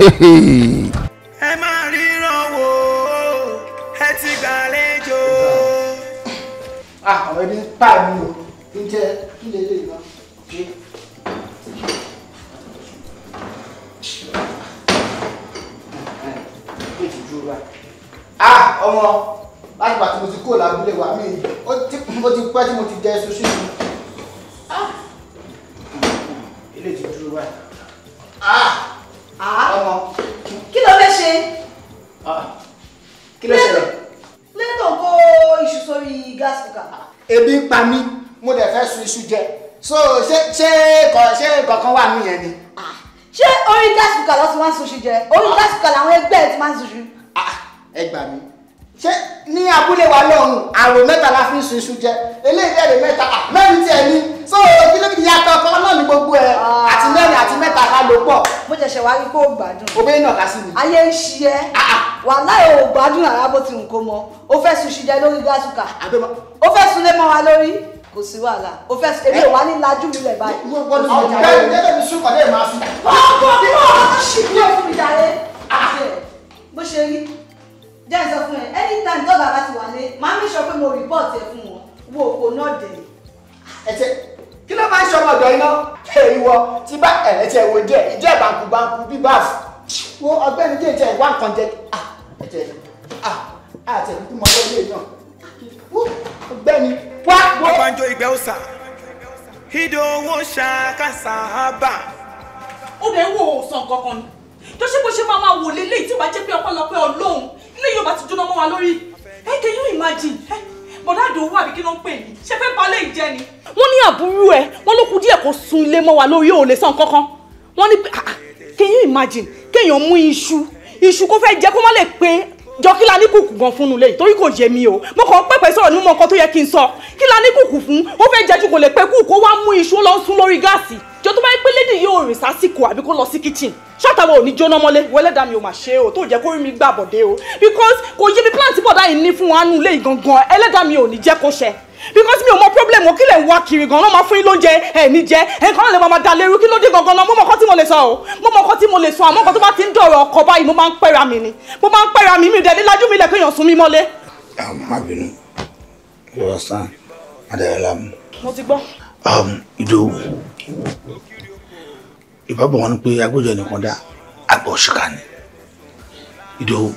ẹ máa ríran wo ẹ ti gbàlejò. àwọn ẹbí pa mi o ń jẹ kí lè lè lọ. ah ọmọ láti gbà tí mo ti kó lábúlé wa mi ó ti pẹ́ tí mo ti jẹ iṣu sí mi ilé ti dúró báyìí. Ah! Ah! ọmọ kí ló fẹ́ ṣe. Ah! kí ló ṣẹlẹ̀. lẹ́tọ̀ kó iṣu sórí gas cooker. ebi ń pa mí mo dẹ̀ fẹ́ sun iṣu jẹ so ṣé ṣé ṣé kankan wà nìyẹn ni. ṣé orí gas cooker lọ́sùn máa ń sun iṣu jẹ orí gas cooker làwọn ẹgbẹ́ ẹ ti máa ń sun iṣu. ẹ gbà mí ṣé ní abúlé wa lọ́hùn àrò mẹ́ta la fi ń sun iṣu jẹ eléyìí ẹ̀rẹ̀ mẹ́ta ah, mẹ́rin tiẹ̀ ni so kí ló fi yàtọ̀ ọkọ náà ní gbogbo ẹ̀ ah. àti mẹ́rin àti mẹ́ta ká ló pọ̀. mo ṣẹ̀ṣẹ̀ wá rí kó o gbádùn. òbí náà kà sí mi. ayé ń ṣi ẹ ah, wàhálà ò gbádùn àrà bó ti ń kó mọ o fẹ́ sun iṣu jẹ lórí gásùkà o fẹ́ sunlé mọ́ wa lórí kò sí wàhálà o fẹ́ èmi ò wá ní lajú mi lẹ̀ báyìí. ọkọ mi ò ṣì bí ẹ fún mi jẹ́ ìsọ fún ẹ anytime dọ́gba bá ti wà ní màá mi sọ pé mo report ẹ fún wọn wo òpó náà dé. ẹsẹ kí ló máa ń ṣọmọ ọ̀dọ̀ iná ṣé ìwọ ti bá ẹsẹ wo díẹ̀ ìjẹ bàǹkù bàǹkù bí báàf wo ọ̀gbẹ́ni díẹ̀ jẹ ìwà nǹkan jẹ Ah, àti ah, ẹkú mọ lórí èèyàn ọ̀gbẹ́ni wá wo. ọbànjọ ìgbẹ́ òsà ìdòwò ṣàkàṣà àbà. ó lè wo òsàn kankan tó ṣe bó ṣe máa wò lélẹ́yìí tí ó jẹ́ pé ọpọlọpẹ ọlọ́run lẹ́yìn ọba ti jóná mọ́ wa lórí ẹ can you imagine ẹ bọ̀dá àdòwò àbí kí ló ń pè ní ṣe fẹ́ balẹ̀ ìjẹ ni. wọ́n ní àbúrò ẹ̀ wọ́n ló kù díẹ̀ kó sun ilé mọ́ wa lórí òòlè sàn kankan wọ́n ní ah, ah, can you imagine kéèyàn mú iṣu iṣu kó fẹ́ jẹ́ kó má lè pé jọkílá ní kùkù gan fún un lẹ́yìn torí kò yé mi o mo kàn pẹpẹ sọ̀rọ̀ ní mọ tó yẹ kí n sọ kílá ní kùkù fún ó fẹ́ jẹjú kò lè pẹ kùkù kó wá mú iṣu lọ sún lórí gáàsì jọ tó máa ń pé lédi yóò rìn sásìkò àbí kó lọ sí kitchen ṣàtàwọn ò ní jóná mọ́lé wẹ́lẹ́dà mi ò mà ṣe o tó jẹ́ kó rí mi gbà bọ̀dé o because kò yé mi plant bọ̀dá yìí ní fún wa nù lé gangan ẹlẹ́dà mi ò ní jẹ́ kó ṣẹ because mi ò mọ problem o kí lè wá kiri gan-an máa fún yín lóúnjẹ ẹ̀ ní jẹ́ ẹ̀ kàn lè máa da lérú kí ló dé gangan náà mo mọ kọ́ tí mo lè sọ o mo mọ kọ́ tí mo lè sọ àmọ́ nǹkan tó bá ti ń dọ̀rọ̀ ọkọ báyìí mo máa ń pẹ́ra mi ni mo máa ń pẹ́ra mi mi dẹ̀ nílájú mi lẹ̀ kéèyàn sún mi mọ́lé. àwọn ah, máa bínú yóò sàn adéyàlá mu. mo ti gbọ́. Um, ìdòwú ìbábọ̀ wọn ni pé agbójọ nìkan dá àgbà ọ̀ṣìkà ni ìdòwú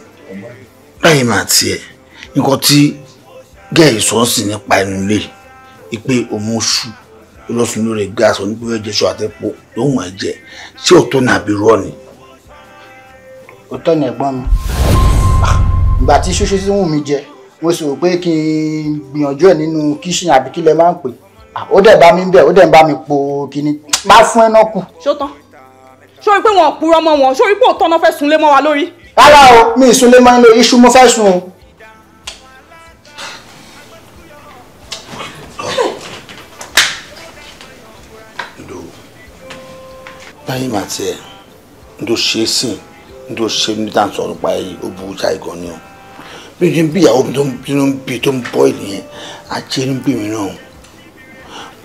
báyìí máa tiẹ̀ nǹkan tí gẹ́ẹ̀ sọ́ọ̀sì nípa ẹnu lè ipe òmùsù lọ́sùn lórí gáàsì onípẹ́wẹ́ jẹ́sọ àtẹ́pọ̀ lóhùn ẹ̀jẹ̀ tí ọ̀tọ̀ ní àbí rọ́ ni. ọ̀tọ̀ ni ẹ̀gbọ́n mi ìgbà tí ṣoṣo tí wọ́n mi jẹ mo sì rò pé kí n gbìyànjú ẹ̀ nínú kíṣìn àbí kílẹ̀ máa ń pè é Ah, ó dẹ̀ bá mi ń bẹ̀ ó dẹ̀ ń bá mi po kíní má fún ẹ náà kù. ṣótán sórí pé wọn ò purọ́ mọ́ wọn sórí pé òótọ́ náà fẹ́ sunlé mọ́ wa lórí. rárá o mi ìsunlé máa ń lo iṣu mo fẹ́ sun o. báyìí màá tiẹ̀ ń ṣe sìn ń ṣe ní dáńtọ̀ nípa èyí ó burú jáì gan ni o bí ìyàwó mi tó ń bí tó ń bọ́ ìnìyẹn àjẹ́ ń bí mi náà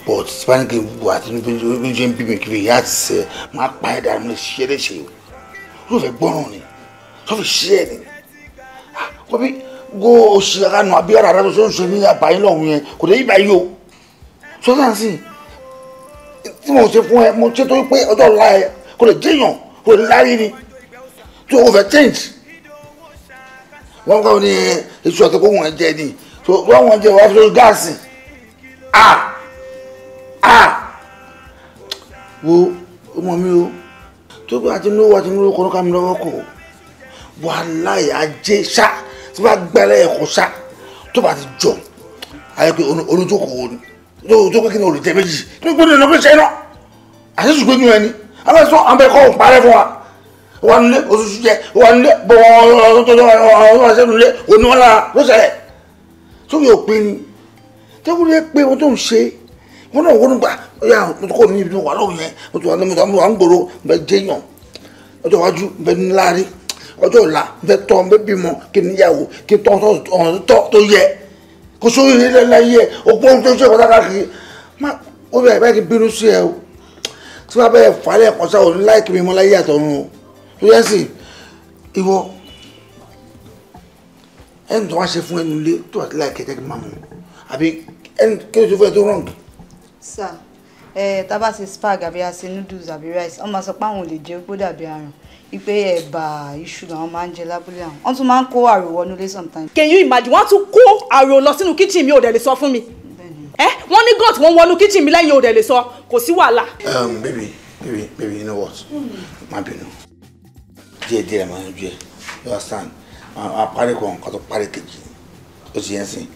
but spanish game wù àti bí ṣe ń bí mi kiri ìyá àti sẹ máa pa ẹ̀ dànù lè ṣiṣẹ́ léṣe o yóò fẹ́ gbọ́ràn ni yóò fi ṣiṣẹ́ ni ah, wọ́n bí go oṣù kanu àbí ara rẹ̀ tó ń ṣe ní àbáyé lọ́hùn yẹn kò dé ibà yìí o sọ́sàn sí tí mo ṣe fún ẹ mo ṣe tó pé ọjọ́ ọ̀la ẹ kò lè jẹ́yàn kò lè láyé ni tí o fẹ́ change wọ́n kọ́ ni iṣu ọ̀tọ̀ kó wọ́n jẹ ni wọ́n wọ́n jẹ wọ́n fi gáàsì ah. Ah! wo ọmọ mi o tó bá ti lówó àti lówó kọ́ ló ká mi lọ́wọ́ kọ́ wàhálà ajé ṣá tí bá gbẹ́rẹ́ ẹ̀kọ́ ṣá tó bá ti jọ ayé pé olójókòó ni tó pé kí ni olùjẹ méjì tó gbọ́dọ̀ lọ pé ṣe náà àti ṣùgbọ́n inú ẹni abẹ́ sọ àwọn ẹ̀kọ́ òun parẹ́ fún wa wà nílé oṣooṣù jẹ wà nílé bọ̀wọ̀ ọ̀rọ̀ tó ṣe nílé oníwọ̀n lára ló ṣẹlẹ̀ tó yẹ òpin ni tẹ́kùn lè pé wọn tó ń ṣe é wọn náà wọnú gbà ọyà kó mi níbi wà lóhùn yẹn mo ti wà ní gbòòrò bẹ jẹyàn ọjọ́ iwájú bẹ níláàrí ọjọ́ ọ̀la bẹ tọ bẹ bímọ kí níyàwó kí tọ tọ tó yẹ kó sóyún ní lẹ́la yẹ òpó tó ṣe kọ́ dáadáa kì í má ó bẹ bẹ́ẹ̀ kí bínú sí ẹ o tí wọ́n bẹ́ẹ̀ falẹ̀ ẹ̀kọ́ òní láì kí láyé àtọ̀run o tó yẹ sí ìwọ ẹni tó wá ṣe fún ẹnu ilé tó wà láì kẹ̀kẹ́ kí máa mú àbí ẹni kí ló ṣe fún ẹ tó rọ̀ǹgì Sir, ẹ tá bá ṣe spag àbí a ṣe noodles àbí rice wọ́n máa sọ pé àwọn ò lè jẹ pé ó dàbí àrùn ipe ẹ̀bà iṣu làwọn máa ń jẹ lábúlé àwọn wọ́n tún máa ń kó àrò wọnú lé sometimes. can you imagine wọ́n tún kó àrò lọ sínú kíchìn mi ò dẹ̀ lè sọ fún mi ẹ wọ́n ní gọ́ọ̀tì wọ́n wọnú kíchìn mi lẹ́yìn ò dẹ̀ lè sọ kò sí wàhálà. Um, baby baby baby you know what má bínú díẹ̀ díẹ̀ máa ń jẹ you understand apárí kan kan tó parí kejì ó ti yẹn sìn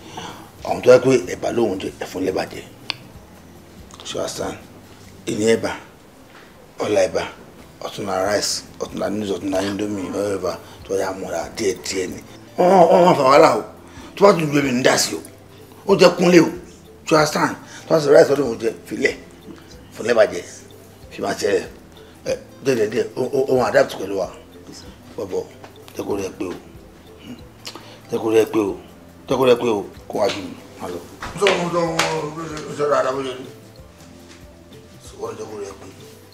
àwọn tó yẹ pé ẹ̀bà lóhun jẹ ẹ̀fọn lẹ́bàá jẹ understand enye ebe a ọla ebe na rice ọtụ na news ọtụ na indomie ọla ebe a tó yà mọ̀ra díẹ̀ díẹ̀ ni wọ́n wọ́n fa wàhálà o o ó jẹ́ o tó understand rice ọdún òun jẹ filẹ̀ ẹ díẹ̀ o wọ́n lè dọ́wọ́ rẹ pé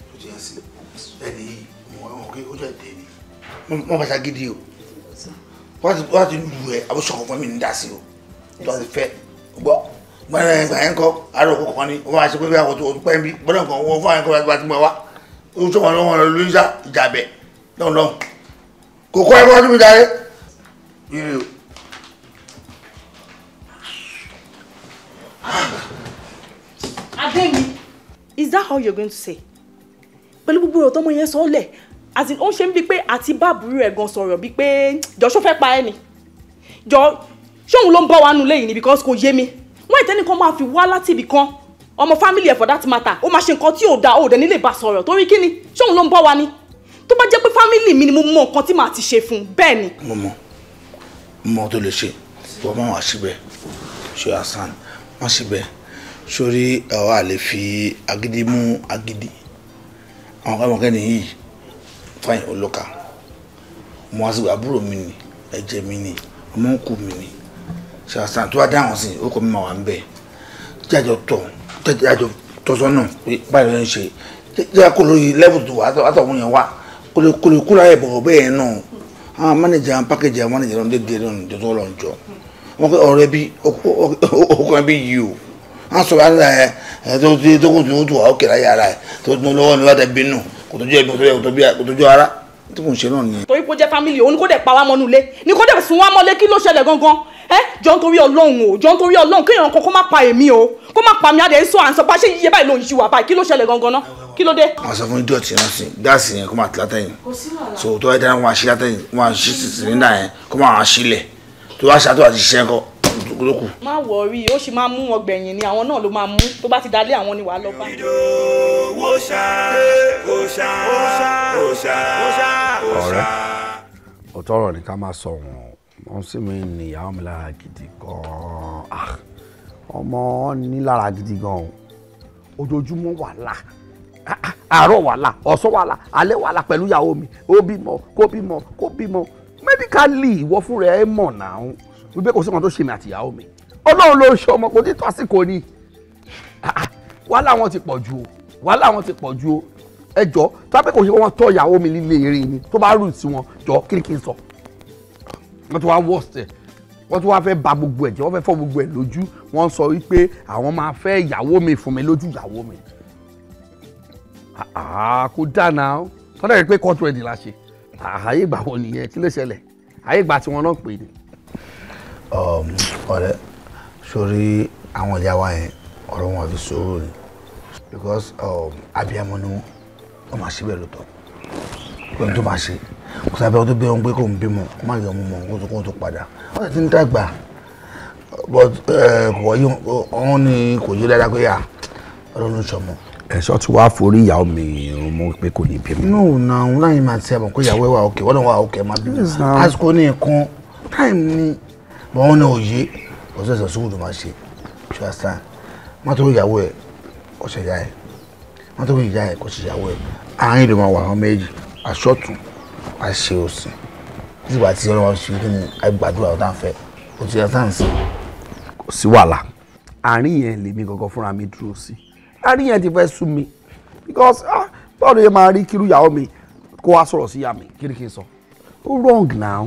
tó ti yẹn sí ẹni yìí wọ́n kí ó jẹ́ ìdè ni. wọ́n bá ṣàgídí o wọ́n ti lu ẹ àbúṣọ kankan mi ní dá sí o tó a ti fẹ́ gbọ́ gbọ́dọ̀ ẹgbà yẹn kọ́ àárọ̀ kọ̀ọ̀kan kan ni wọ́n máa ṣe pé bí àwọn tó pẹ́ ń bí gbọ́dọ̀ nǹkan wọ́n fún àyẹ̀kọ́ àti bàtí mọ́ wa ó sọ wọn lọ́wọ́ lọ lóyún sá ìjàbẹ̀ lọ́hùn lọ́hùn kò kọ́ ẹ̀kọ́ tó mi darí. ire o. adé mi is that how you're going to say pẹ̀lú gbogbo ọ̀rọ̀ tọmọ yẹn sọ ọ́ lẹ̀ àti ó ń ṣe ń bíi pé àti báàbúrú ẹ̀ gan sọ̀rọ̀ bíi pé jọ ṣó fẹ́ pa ẹ́ ni jọ ṣé òun ló ń bọ́ wa nulẹ̀ yìí ni because kò yé mi wọ́n ìtẹ́nìkan máa fi wá láti ibì kan ọmọ family ẹ̀ for that matter ó máa ṣe nǹkan tí ò da ò dẹ̀ nílé bá sọ̀rọ̀ torí kí ni ṣé òun ló ń bọ́ wa ni tó bá jẹ́ pé family mi ni mo mọ nǹkan tí màá ti ṣe fún bẹ́ẹ̀ ni. mo mọ mo mọ tó lè ṣe wọ́n máa wá síbẹ̀ ṣe àṣà wọ́n síbẹ̀ sórí àwa lè fi agídí mú agídí àwọn kan mọ̀kẹ́ nìyí fáyìn olóka mo wá sí àbúrò mi ni ẹ̀jẹ̀ mi ni ọmọ ń kú mi ni ṣàṣàn tó bá dáhùn sí ó kọ́ mi máa wà ń bẹ̀ jájọ tọ̀ jájọ tọ̀ sọ́nà pé báyìí ló ń ṣe jẹ́ kó lórí level tó wà àtọ̀wọ̀n yẹn wá kó lè kó láyè bọ̀rọ̀ bẹ́ẹ̀ náà àwọn manager àwọn package àwọn manager náà dédé náà tó lọ́njọ́ wọn kọ́ ọ̀rẹ́ bí ọkùnrin bí yìí o wọn sọ wọn ẹ ẹ tó ti tó kùn tó tù ọ kẹlẹ yàrá ẹ tó tún lọ́wọ́ ni wọn tẹ bínú kò tó jẹ ibi tó yẹ kò tó jọ ara tí kò ń ṣe náà nìyẹn. torí kó jẹ́ fámìlì òun ni kó dẹ̀ pa wá mọ́nú ilé ni kó dẹ̀ sùn wá mọ́lé kí ló ṣẹlẹ̀ gangan ẹ jọ ń torí ọlọ́run o jọ ń torí ọlọ́run kéèyàn kan kó má pa èmi o kó má pa mi adé ń sọ à ń sọ pàṣẹ yíyẹ báyìí ló ń ṣiwà báyìí kí ló ṣẹlẹ̀ gangan náà kí ló dé. wọn sọ fún idiot náà sí gáàsì yẹn kó máa ti látẹ̀yìn so tó bá dáná wọn á ṣí látẹ̀yìn wọn á ṣí sílẹ̀ náà yẹn kó máa ṣílẹ̀ tó bá ṣàtúwà ti ṣiṣẹ́ kọ́ lókù. má wọrí ó sì máa mú wọn gbẹ̀yìn ni àwọn náà ló máa mú tó bá ti dalé àwọn ni wàá lọ bá. ìdòwò ṣá ò ṣá ò ṣá ò ṣá ò ṣá. ọ̀rẹ́ òótọ́ ọ̀rọ̀ ni ká máa sọ wọn wọn sì mí ní ìyàwó mi lára gidi gan-an ah, ọmọ ní lára gidi gan-an ojoojúmọ́ wàhálà ah, ah, àárọ̀ wàhálà ọ̀sán wàhálà alẹ́ wàhálà pẹ̀lú ìyàwó mi ó bímọ kó bímọ kó bímọ mẹ́díkálì ìwọ fúnra ẹ mọ̀ náà wípé kò sóhun tó ṣe mi àtìyàwó mi ọlọ́run ló ń ṣe ọmọ kò ní tó àsìkò ni ah, ah, wàhálà wọn ti pọ̀ ju o wàhálà wọn ti pọ̀ ju o ẹ jọ tábẹ́ kò ṣe wọn tọ́ ìyàwó mi líle eré ni tó bá rù sí wọn jọ kí ni kí n sọ wọn tó wá wọ́ọ̀sì wọ́n tún wá fẹ́ ba gbogbo ẹ̀ jẹ́ wọ́n fẹ́ fọ́ gbogbo ẹ̀ lójú wọ́n sọ wípé àwọn máa fẹ́ ìyàwó mi fún mi lójú ìyàwó mi ah, kò dáná tọ́lá yẹn pé kọ́ńtù ẹ̀dì la ṣe àyè ìgbà wo nìyẹn kí ló ṣẹlẹ̀ àyè ìgbà tí wọ́n náà pè ní. Um, ọ̀rẹ́ sórí àwọn ìyá wa yẹn ọ̀rọ̀ wọn àfi sòrò ni because um, abiyamọ ni wọn wọn máa ṣe bẹ́ẹ̀ lọ́tọ̀ pé n tó máa ṣe kò sábẹ́ ọdún bí wọn pé kò ń bímọ kó má yọ ọmọ mọ kó tó kó tó padà wọn ti ń dàgbà but eh, kò yí wọn ni kò yí dáadáa pé à ọlọ́run ń sọmọ. ẹ̀ṣọ́ tí wàá forí ìyàwó mi ìrún mọ́ pé kò ní bímọ. no na òun láyìn máa ti ẹ̀ mọ̀ pé ìyàwó ẹ̀ wà òkè wọ́n náà wà òkè máa bímọ àsìkò ní nǹkan time ni bọ́ wọn náà òye ọ̀sẹ̀ ìsọ̀ sùúrù máa ṣe ṣọ́ àṣà má tó ìyàwó ẹ̀ kó ṣe ìyá ẹ̀ má tó ìyá ẹ̀ kó ṣe ìyàwó ẹ̀ àárín ìlú máa wà àwọn méjì àṣọ́tún àṣe òsì nígbà tí ọlọ́wọ́ ṣe kí ni àgbàdúrà ọ̀tá ń fẹ́ kò ti ọ̀tá ń sìn. kò sí wàhálà àárín yẹn lèmi gangan fúnra mi dúró sí àárín yẹn ti fẹ́ sú mi because ah báwo ló yẹ máa rí kírú ìyàwó mi kó wá sọ̀rọ̀ sí ìyá mi kí ni kí n sọ ó wrong now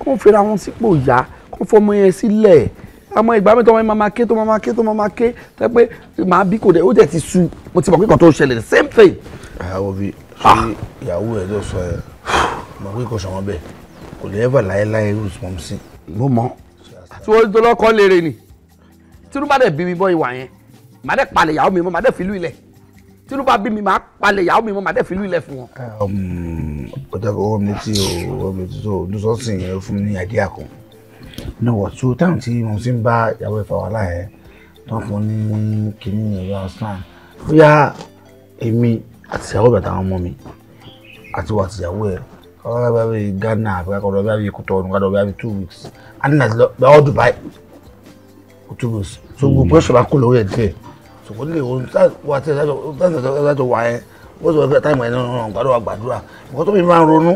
kó fẹ́ra wọn sípò yá kó fọmọ yẹn sílẹ̀ àmọ́ ìgbà mi tó máa máa ké tó máa ké tó máa ké tó pé màá bí kò dé ó dẹ̀ ti sú mo ti mọ̀ pé kàn tó ṣẹlẹ̀ same thing. àwọn bíi ṣé ah. ìyàwó ẹ ló sọ ẹ mọ̀ pé kò sọmọ bẹ́ẹ̀ kò lè ẹ̀fà láéláé rú sọmọ sí. mo mọ̀ tí wọ́n tó lọ́kọ́ lére ni tí wọ́n bá dẹ̀ bí mi bọ́ ìwà yẹn màá dẹ̀ palẹ̀ ìyàwó mi mọ́ màá dẹ̀ fi lú ilẹ̀ tínú bá bí mi máa palẹ̀ ìyàwó mi mọ́ màá dẹ̀ fi ìlú ilẹ̀ fún wọn. Hmm, ọ̀dà ọwọ́ mi tí o ọwọ́ mi tí o dùsọ́sìn yẹn fún mi ní àdí àkàn ní wọ́n tó táwọn tí mo ti ń bá ìyàwó ìfà wàhálà yẹn tó fún ní kìíní ìyàwó aslan bóyá èmi àti ìyàwó bàtà àwọn ọmọ mi àti wà àti ìyàwó ẹ̀ kọ́kọ́ bá bí Ghana àbíkọ́ bá bí kótó ọdún kọ́kọ́ bá bí two weeks àdínà ti lọ bá ọ́ Dubai two weeks so gbogbo ẹ̀ṣọ́ bá kó lọ́wọ́ yẹn sòkòtì lè wọ́n wá tí ẹ̀ lájọ wà ẹ́ wọ́n sọ pé táìmù ẹ̀ náà gbàdúrà wà gbàdúrà nǹkan tó fi máa ronú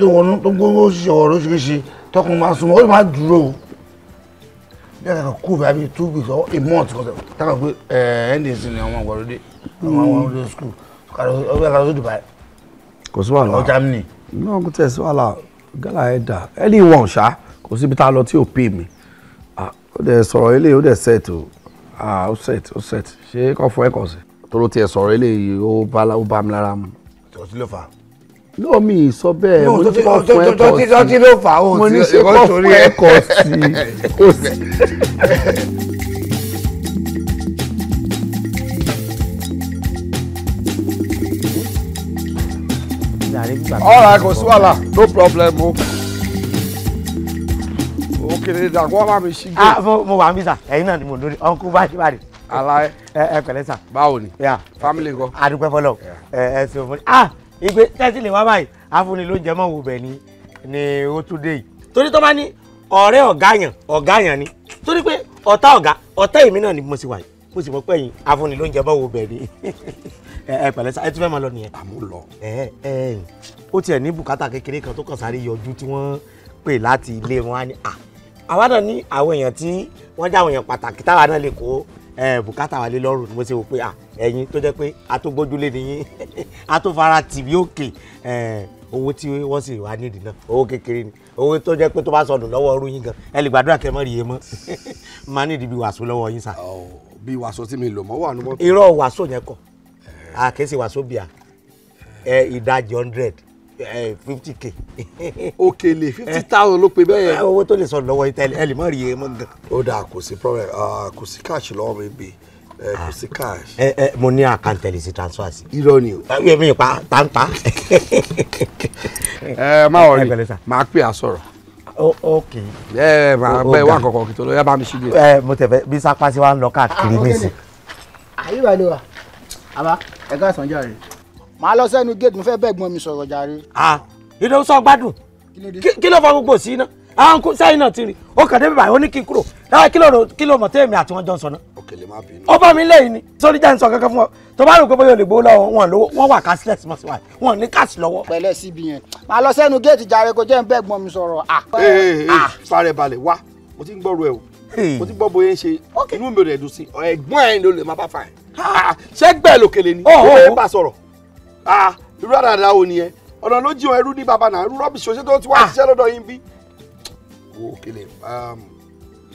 tó ronú tó gbóngbó ṣiṣẹ́ ọ̀rọ̀ oríṣiríṣi tọkùn máa súnmọ́ ó máa dúró o bí a kà kú bẹ́ẹ̀ two weeks or a month kọ́sẹ̀ táwọn pé eh, ndc ni àwọn àgbàlódé àwọn àwọn ọmọdé school ọgbẹ́ kan tó Dubai kò sí wàhálà ọjà mi ni. náà kò tẹ̀ sí wàhálà gálà ẹ̀ dà anyone ṣá kò síbi tá a lọ tí ò pè mí ah, ó dẹ̀ sọ̀rọ̀ eléyìí ó dẹ̀ sẹ́ẹ̀tì o ah ó set ó set ṣé kò fọ ẹkọ sí. toro tiẹ̀ sọ̀rọ̀ eléyìí ó bá ó bá mi lára mu. ọtí ló fà á. ló mi sọ bẹ́ẹ̀ mo ní kò fọ ẹkọ sí ọtí ló fà á mo ní ṣe kò fọ ẹkọ sí. ọ̀rọ̀ [LAUGHS] kò sí wàhálà no problem o. Oh òkèlè dà kó mi ṣí gbé. ah mo wà ń bí sà náà ni mo lórí ọ̀nkú báyìí báyìí. alaye ẹ ẹ pẹ̀lẹ́ sà. báwo ni family kọ. adúpẹ́ fọlọ ẹ ẹ ṣe òfin ah ìgbé tẹ́sílì wá báyìí àfúnni ló ń wò bẹ̀ ni ni ó tún dé yìí. torí tó bá ní ọ̀rẹ́ ọ̀gá yàn ọ̀gá yàn ni torí pé ọ̀tá ọ̀gá ọ̀tá èmi náà ni mo sì wà yìí mo sì mọ̀ pé ẹ̀yin àfúnni ló ń wò bẹ̀ ni [LAUGHS] ẹ pẹ̀lẹ́ sá ẹ ti fẹ́ máa lọ nìyẹn. àmú lọ. ẹ ẹ ó tiẹ̀ ní bùkátà kékeré kan tó kàn sáré yọjú tí wọ́n pè láti ilé wọn á ní à àwa náà ní àwọn èèyàn tí wọ́n jẹ́ àwọn èèyàn pàtàkì táwa náà lè kó bùkátà wa lé lọ́rùn ni mo ṣe wò pé ẹ̀yin tó jẹ́ pé a tó gbójúlé nìyí [LAUGHS] a tó fara tìbí òkè owó tí wọ́n sì wá nídìí náà owó kékeré ni owó tó jẹ́ pé tó bá sọnù lọ́wọ́ ọrùn yín gan ẹ lè gbàdúrà kẹ́ mọ́ rí e mọ́ máa nídìí bí wàásù lọ́wọ́ yín sà. bí wàásù tí mi lò mọ́ wà nù mọ́tò. irọ́ wàásù yẹn kọ̀ àkẹ́sì wàásù bíà ìdajì hundred Eh, fifty k. òkèlè fifty thousand ló pe bẹ́ẹ̀. Eh, owó tó lè sọ lọ́wọ́ ìtẹ́lẹ̀ ẹ lè má rí iye mọ́ gan. ó dáa kò sí problem ah, kò sí cash lọ́wọ́ mi bíi eh, kò sí ah, cash. ẹ ẹ mo ní àkáǹtì ẹ̀lì sí transfer sí. irọ́ ni o. ẹ mi pa tanta. [LAUGHS] ẹ má wọrí máa pè á sọ̀rọ̀. ok. ẹ máa bẹ wá kọ̀kọ̀ kí tó lọ yá bá mi ṣí gé. ẹ mo tẹ̀ fẹ́ bí sápá sí wa ń lọ káàkiri nísìnyí. àyíwá ni wa àbá ẹ̀ka àsànjà rẹ̀ màá lọ sẹ́nu gate mo fẹ́ bẹ́gbọ́n mi sọ̀rọ̀ jàre. ah ìdó sọ gbádùn kí ló fọ gbogbo sí iná àwọn kò sẹ́yìn náà ti rí ó kàn débi báyìí ó ní kí n kúrò láwọn kí ló mọ̀ tẹ́ẹ̀mí àti wọn jọ ń sọ náà. òkèlè má bínú. ó bá mi lẹ́yìn ni sórí jẹ́ ń sọ kankan fún ọ tó bá rò pé bóyá olè gbowó lọ́wọ́ wọn lówó wọn wà cashless mọ̀ sí wa wọn ní cash lọ́wọ́. pẹ̀lẹ́ síbi yẹn màá lọ sẹ́nu géètì jàre kó jẹ́ ń bẹ́ẹ̀ gbọ́n mi sọ̀rọ̀. sáré balẹ̀ wá mo ti ń gbọ́rọ̀ ẹ̀ o mo ti gbọ́ bóyá ń ṣe inú mi rẹ̀ dùn sí ẹ̀gbọ́n ẹ̀ ló lè má bá fa ẹ̀ ṣẹ́gbẹ́ lòkèlè ni oh, oh, ó oh. bá sọ̀rọ̀ ah irú àdàdà wo nìyẹn ọ̀nà ló jí wọn ẹrú ní babana, náà irú rọ́bìṣì oṣù tó ti wá ah. ṣiṣẹ́ lọ́dọ̀ yín bí. wo kele um,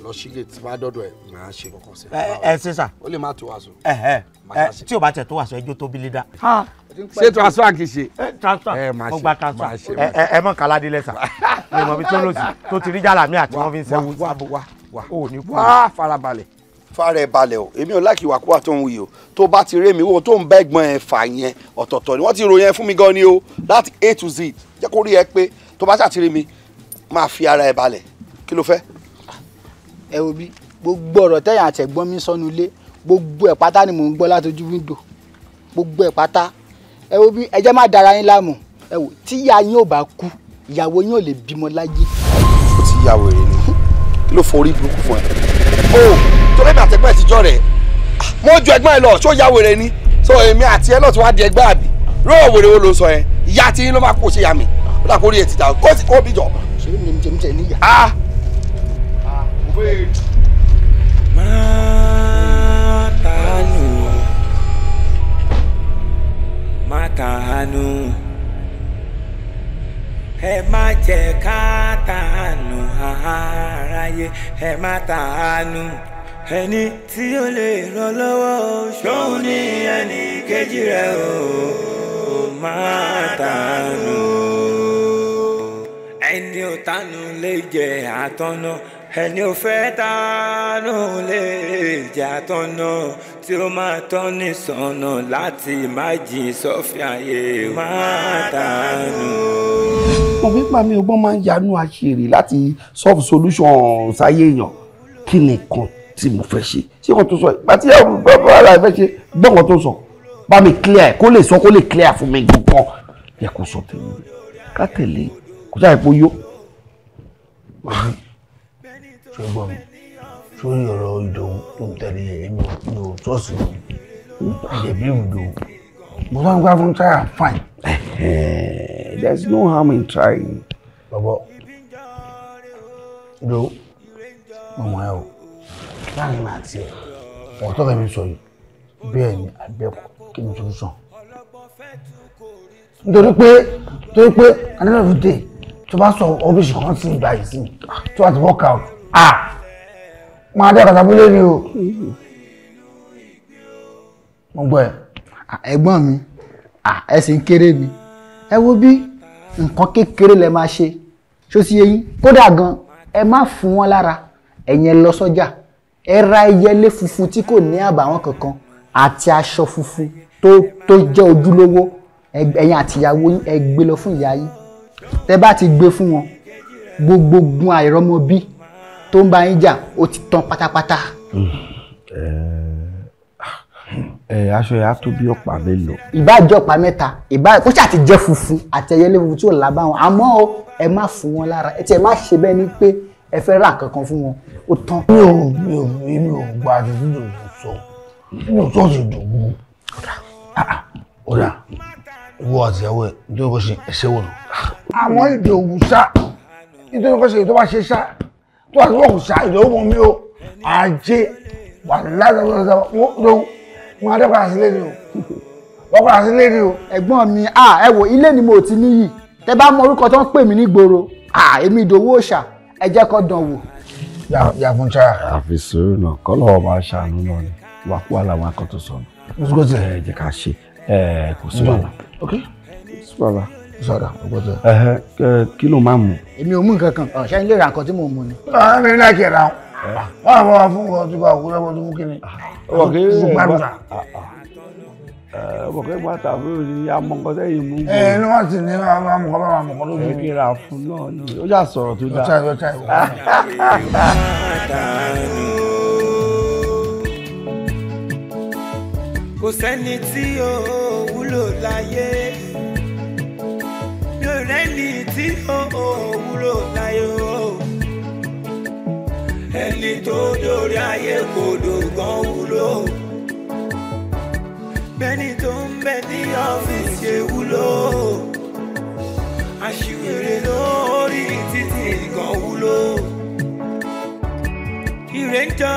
lọ sílé tí bá dọ́dọ̀ ẹ̀ máa ṣe kọ̀kọ́ sí. ẹ ẹ ṣe sà. ó lè má tó wàásù. ẹ ẹ ẹ tí o bá tẹ̀ tó wàásù ẹjọ́ tó bí lídà. ṣé transfer kì í ṣe. ẹ transfer mo gba transfer ẹ ẹ mọ kàládé lẹ́sà mi mọ̀ bí tó lọ sí tó ti rí jàlámì àti wọ́n fi ń sẹ́wọ́. wá wá wá wá farabalẹ̀ fara ẹ o èmi ò láàkì ìwàkúwà tó ń wuyì o tó bá ti rémi wo tó ń bá ẹ̀gbọ́n ẹ fà yẹn ọ̀tọ̀ọ̀tọ̀ ni wọ́n ti ròyìn ẹ fún mi gan ni o láti a to z jẹ́ kó rí ẹ pé tó bá ṣàti rémi máa fi ara ẹ balẹ̀ kí ló fẹ́. ẹ wo bí gbogbo ọ̀rọ̀ tẹ̀yìn àtẹ̀gbọ́n mi sọnù ilé gbogbo ẹ̀ pátá ni mò ń gbọ́ látọjú wíńdò gbogbo ẹ̀ pátá ẹ wo bí ẹ jẹ́ má dara yín láàmú ẹ wo tí ìyá yín ò bá torí mi àtẹ̀gbọ́n ẹ̀ ti jọ rẹ̀ mo ju ẹ̀gbọ́n ẹ lọ ṣó ya wèrè ni so èmi àti ẹ náà ti wá di ẹgbẹ́ àbí ró wèrè wo ló sọ yẹn ìyá tí ló máa kó ṣe ya mi ó dà kó rí ẹ ti kó sì kó bí jọ. ṣé mi ní jẹ́mi tẹ̀ ní ìyá. a ah! ah, máa ta máa ta ẹ má jẹ́ ká tàánú aráyé ẹ má tàánú ẹni tí ó lè ràn lọ́wọ́ ṣóun ní ẹnì kejì rẹ̀ o máa tànù ẹni ò tánú lè jẹ àtọ́nà ẹni ò fẹ́ tánú lè jẹ àtọ́nà tí ó máa tọ́ sọ̀nà láti má jí sọ́fì ayé máa tánú. mo fi ń pa mi ọgbọ́n máa ń yanu àṣírí láti solve solution ṣáyé èèyàn kí nìkan tí mo fẹ́ ṣe ṣé kò tó sọ yìí bàtí àwọn bàbá ara ẹ fẹ́ ṣe gbọ́ngàn tó sọ bá mi clear kó lè sọ kó lè clear fún mi gbọ́ngàn yẹ kó sọ tèmi ká tẹ̀lé kó sáà ipò yó. ṣé gbọ́ mi sórí ọ̀rọ̀ ìdòwú tó ń tẹ̀lé èmi ò tọ́sí mi ìdẹ̀bí ìdòwú mo bá ń fún try fine. there is no harm in trying. bàbá ìdòwú mo mọ̀ ẹ́ o láàrin màá tiẹ̀ ọ̀rọ̀ tó fẹ́mi sọ yìí bẹ́ẹ̀ ni àbẹ́kọ̀ kí ni tún sàn. nítorí pé nítorí pé another of the day tó bá sọ ọ́fíìsì kan sí ìgbà yìí sí tó bá ti work out ah máa dé ọ̀kadà abúlé ni o. mo gbọ́ ẹ̀ ẹ̀gbọ́n mi ẹ̀sìn kéré mi ẹ wo bí nǹkan kékeré lẹ máa ṣe ṣó sì yé yín kódà gan ẹ má fún wọn lára ẹ̀yin lọ sọ́jà. So ẹ ra ẹyẹlé funfun tí kò ní àbàwọ́n kankan àti aṣọ funfun tó tó jẹ́ ojúlówó ẹ̀yin àtìyàwó ẹ gbé lọ fún ìyá yín tẹ́ bá ti gbé fún wọn gbogbo gun àìrọ́mọbí tó ń bá yín jà ó ti tán pátápátá. aṣọ yà á tó bí ọ̀pá mélòó. ìbá jẹ́ ọ̀pá mẹ́ta ìbá kó ṣáà ti jẹ́ funfun àti ẹyẹlé funfun tí ò lábàwọ́n àmọ́ ẹ má fún wọn lára ẹ tiẹ̀ má ṣe bẹ́ẹ̀ ni pé ẹ fẹ́ ra kankan fún wọn ó tán. mi ò mi ò mi ò gba àdúgbò sọ mi ò sọ́ọ̀sì dùgbò. Ah, ah, ọ̀dà ìwọ àti ìyàwó ẹ̀ nítorí kò ṣe ẹsẹ̀ wò lọ. àwọn èdè òwú sá nítorí kò ṣe ètò bá ṣe sá tó bá ṣe wọ́n sá ìdánwò mọ̀ mi ò àjẹ wà ládàbọ̀dàbọ̀ wọn adọ́kọ̀ọ́ sílé ni o wọ́n kọ́ra sílé ni o. ẹ̀gbọ́n mi ah, ẹ wò ilé ni mo ti níyì tẹ bá mọ orúkọ tó ń pè mí nígboro èmi ìdòwú òòṣà ẹ jẹ́ kó dán wò. yàgùn ṣá. àfi sùúrù náà kọ́lọ̀ ọba ṣàánú náà ni wàá kú àlàwọn akọ́tọ̀ sọ̀nù. lọ́sọ̀kọ̀ tẹ̀. ẹ jẹ́ ká ṣe ẹ kò sí wàhálà. Mm. ok sí wàhálà. sọ̀rọ̀ ọgbọ́n tẹ̀. kí ló máa mú. èmi ò mú nǹkan kan ṣé ilé ìrànkọ́ tí mò ń mu ni. mi ní láìkí ẹ̀rọ àwọn àwọn àwọn fún wọn tí kò àkúrẹ́ wọn tó mú kí ni. Ah, ọkọ̀ kẹ́ pàtà àbúrò ni amọ̀kọ́ sẹ́yìn mú. ẹ ẹ ní wọ́n ti ní amọ̀kọ́ bá amọ̀kọ́ ló mú. kékeré àfun náà ni ó jà sọ̀rọ̀ tó dáa. ọ̀tá ìwọ́ta ìwọ́. kò sẹ́ni tí ó wúlò láyé yóò rẹ́ni tí ó wúlò láyé o ẹni tó dórí ayé kò dògbọ́n wúlò bẹ́ni tó ń bẹ ní ọ́fíìsì ṣe wúlò àṣìwèrè lórí títì gan wúlò ire ń jọ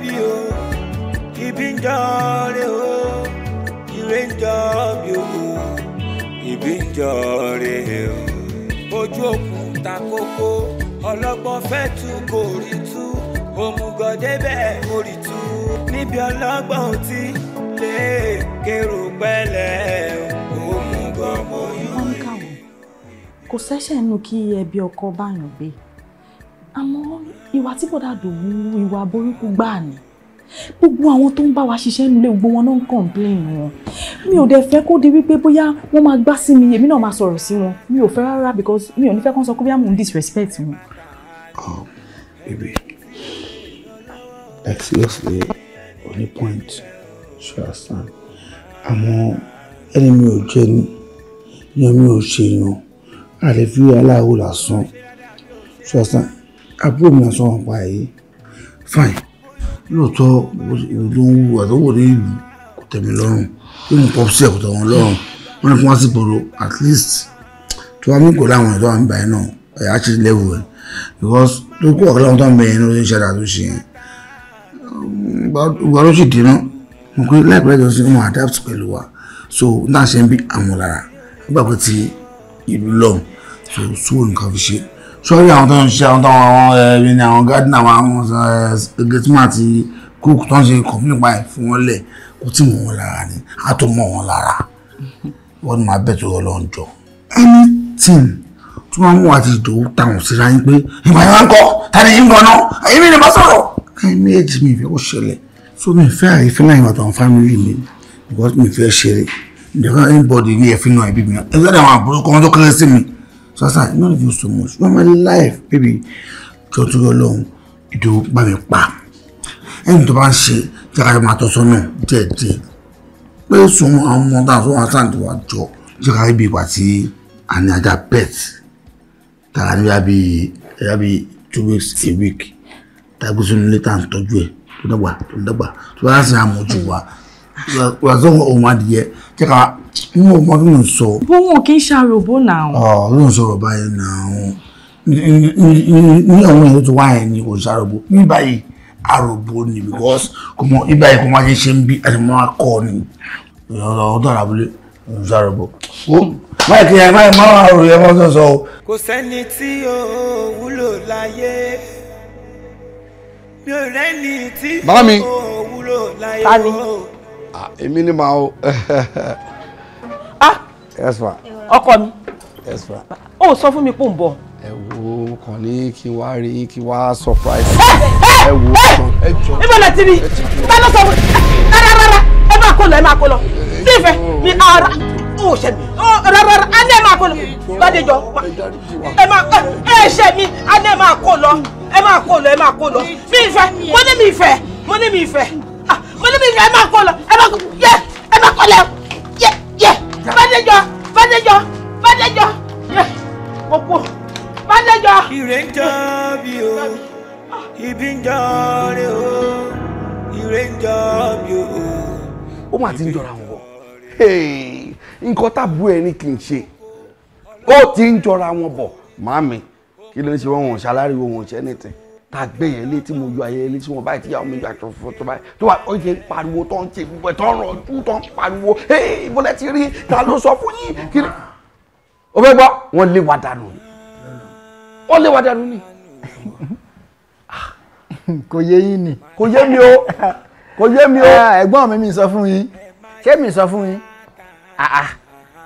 bí o ibi ń jọ rẹ o ire ń jọ bí o ibi ń jọ rẹ o ojú òkun ta kókó ọlọ́gbọ́n fẹ́ tú kò rí òmùgọ̀ débẹ̀ orí tú níbi ọlọ́gbọ́n ti lè kérò pẹ́lẹ́ òmù gbọ́mọ yóò rí. kò sẹ́sẹ̀ nù kí ẹbí ọkọ báyọ̀ gbé àmọ́ ìwà tí bọ́dà dòwú ìwà burúkú gbáà ni gbogbo àwọn tó ń bá wa ṣiṣẹ́ nílé gbogbo wọn náà ń kọ̀ǹpléìn wọn mi ò dẹ̀ fẹ́ kó di wípé bóyá wọ́n máa gbá sí mi èmi náà máa sọ̀rọ̀ sí wọn mi ò fẹ́ rárá because mi ò ní fẹ́ kó sọ pé bóyá mò ń disrespect wọn. um baby like seriously only point sure stand àmọ́ ẹni mi ò jẹ́ ni èèyàn mi ò ṣe èèyàn àlè fi aláwo lásán ṣọ́sán àbúrò mi lásán wọn pa èyí fine lóòótọ́ ìlú ń wù àtọ́wò ní ìlú kò tẹ̀mí lọ́rùn ìmú pọ́pùsì ẹ̀ kò tẹ̀ wọ́n lọ́rùn wọ́n ní fún wá sí ìgboro at least tí wọ́n mú kò láwọn ẹ̀dọ́ àmì báyìí náà ẹ̀ á ṣe level ẹ̀ because tó kú ọ̀kọ́ láwọn tó ń bẹ̀yẹn ní oṣù ṣẹ́dá tó ṣe yẹn ìgbà ló sì dé náà mo pé láìpẹ́ ìjọ sí wọn adapt pẹ̀lú wa so náà ṣe ń bí àwọn lára nígbà pé ti ìlú lọ so sóò nǹkan fi ṣe sọ́rí àwọn tó ń ṣe àwọn táwọn àwọn eh, ẹ̀rí ni àwọn gardener àwọn àwọn eh, gateman àti cook tó ń ṣe kọ̀mínì pa ẹ̀ fún wọn lẹ̀ kó tí mọ̀ wọn lára ni a tó mọ̀ wọn lára wọ́n ni máa bẹ̀ tó ọlọ́run jọ anything tó máa mú àti ìdòwú táwọn síra yín pé ìgbà yẹn wá ń kọ́ tani yín gan èmi ni mo sọ̀rọ̀ ẹ̀mí èjì mi ìfẹ́ kò ṣẹlẹ̀ so mi fẹ́ àrífín náà ìwà tó àwọn family mi because mi fẹ́ ṣeré ìjọba anybody bí ẹ̀fín náà ẹbí mi náà ẹgbẹ́ àwọn àbúrò kan tó kéré sí mi so as i no dey feel so much for my life baby jọ tó yọ lọ́hùn ìdòwò bá mi pa ẹni tó bá ń ṣe jákàjọ máa tọ́ sọ́nà díẹ̀díẹ̀ pé sùn àwọn ọmọ dáa sọ́wọ́n àtàǹtì wà jọ jákàjọ ibi ìgbà tí àní ajá pet tààrà níbi ẹ̀yà bíi two weeks a week tàbí sínú ilé tá à ń tọ́jú ẹ̀ tó dàgbà tó dàgbà tó bá sàn wa wà sọ ohun adìyẹ kí ká n ò mọ bí mo sọ. bó wọn kì í ṣàròbó náà. ọ ló ń sọ̀rọ̀ báyìí náà ní àwọn èèyàn tó wá yẹn ni kò ṣàròbó ní báyìí àròbó ni because kò mọ ibà yìí kò máa ṣe ṣe ń bí àdìmọ́ akọ ni ọ̀dọ́ àràbúlé ìjárọ̀bọ̀. ó máì kí ẹ máì máa rò ẹ mọ́ sọ́sọ́ o. kò sẹ́ni tí ó wúlò láyé mi ò Ah, tí kò wúlò láyé o. èmi [LAUGHS] ah! yes ma. ọkọ mi. yes ma. o sọ fún mi pò ń bọ̀. ẹ wo kàn ní kí n wá rí yín kí n wá surprise. ẹ wo kàn ẹ jọ. níbo la ti rí i bá lọ sọ fún mi rárá rárá ẹ máa kó lọ ẹ máa kó lọ sí ìfẹ́ mi ara ó ṣe mi rárá alẹ́ máa kó lọ Bádéjọ ẹ máa ẹ ṣe mi alẹ́ máa kó lọ ẹ máa kó lọ ẹ máa kó lọ mi ìfẹ́ mo ní mi ìfẹ́ mo ní mi ìfẹ́ ah, mo ní mi ìfẹ́ ẹ máa kó lọ ẹ máa kó yẹ ẹ máa kó lọ yẹ yẹ Bádéjọ Bádéjọ Bádéjọ yẹ òpó Bádéjọ. ìrè ń jọ bí o ibi ń jọ rẹ o ìrè ń jọ bí o. ó mà ti ń jọra wọn. Hey nǹkan tàbú ẹ ní kì í ṣe ó ti ń jọra wọn bọ̀ màámi kí ló ń ṣe wọn wọn ṣàlárì wọn wọn ṣe ẹnìtẹ tá a gbé yẹn lé tí mo yọ ayẹyẹ lé tí wọn báyìí tíyàwó mi yọ àjọ fún tó báyìí tó wà ó ṣe pariwo tó ń ṣe gbogbo ẹ tó ń rọjú tó ń pariwo ee ìbọlẹ ti rí ta ló sọ fún yín kí ni. o fẹ́ gbọ́ wọ́n lé wa dànù ni wọ́n lé wa dànù ni. [LAUGHS] kò yé yín ni. kò yé mi o kò yé mi o. Ah, ẹ̀gbọ́n mi mi sọ fún yín ṣé mi sọ fún yín. Ah, ah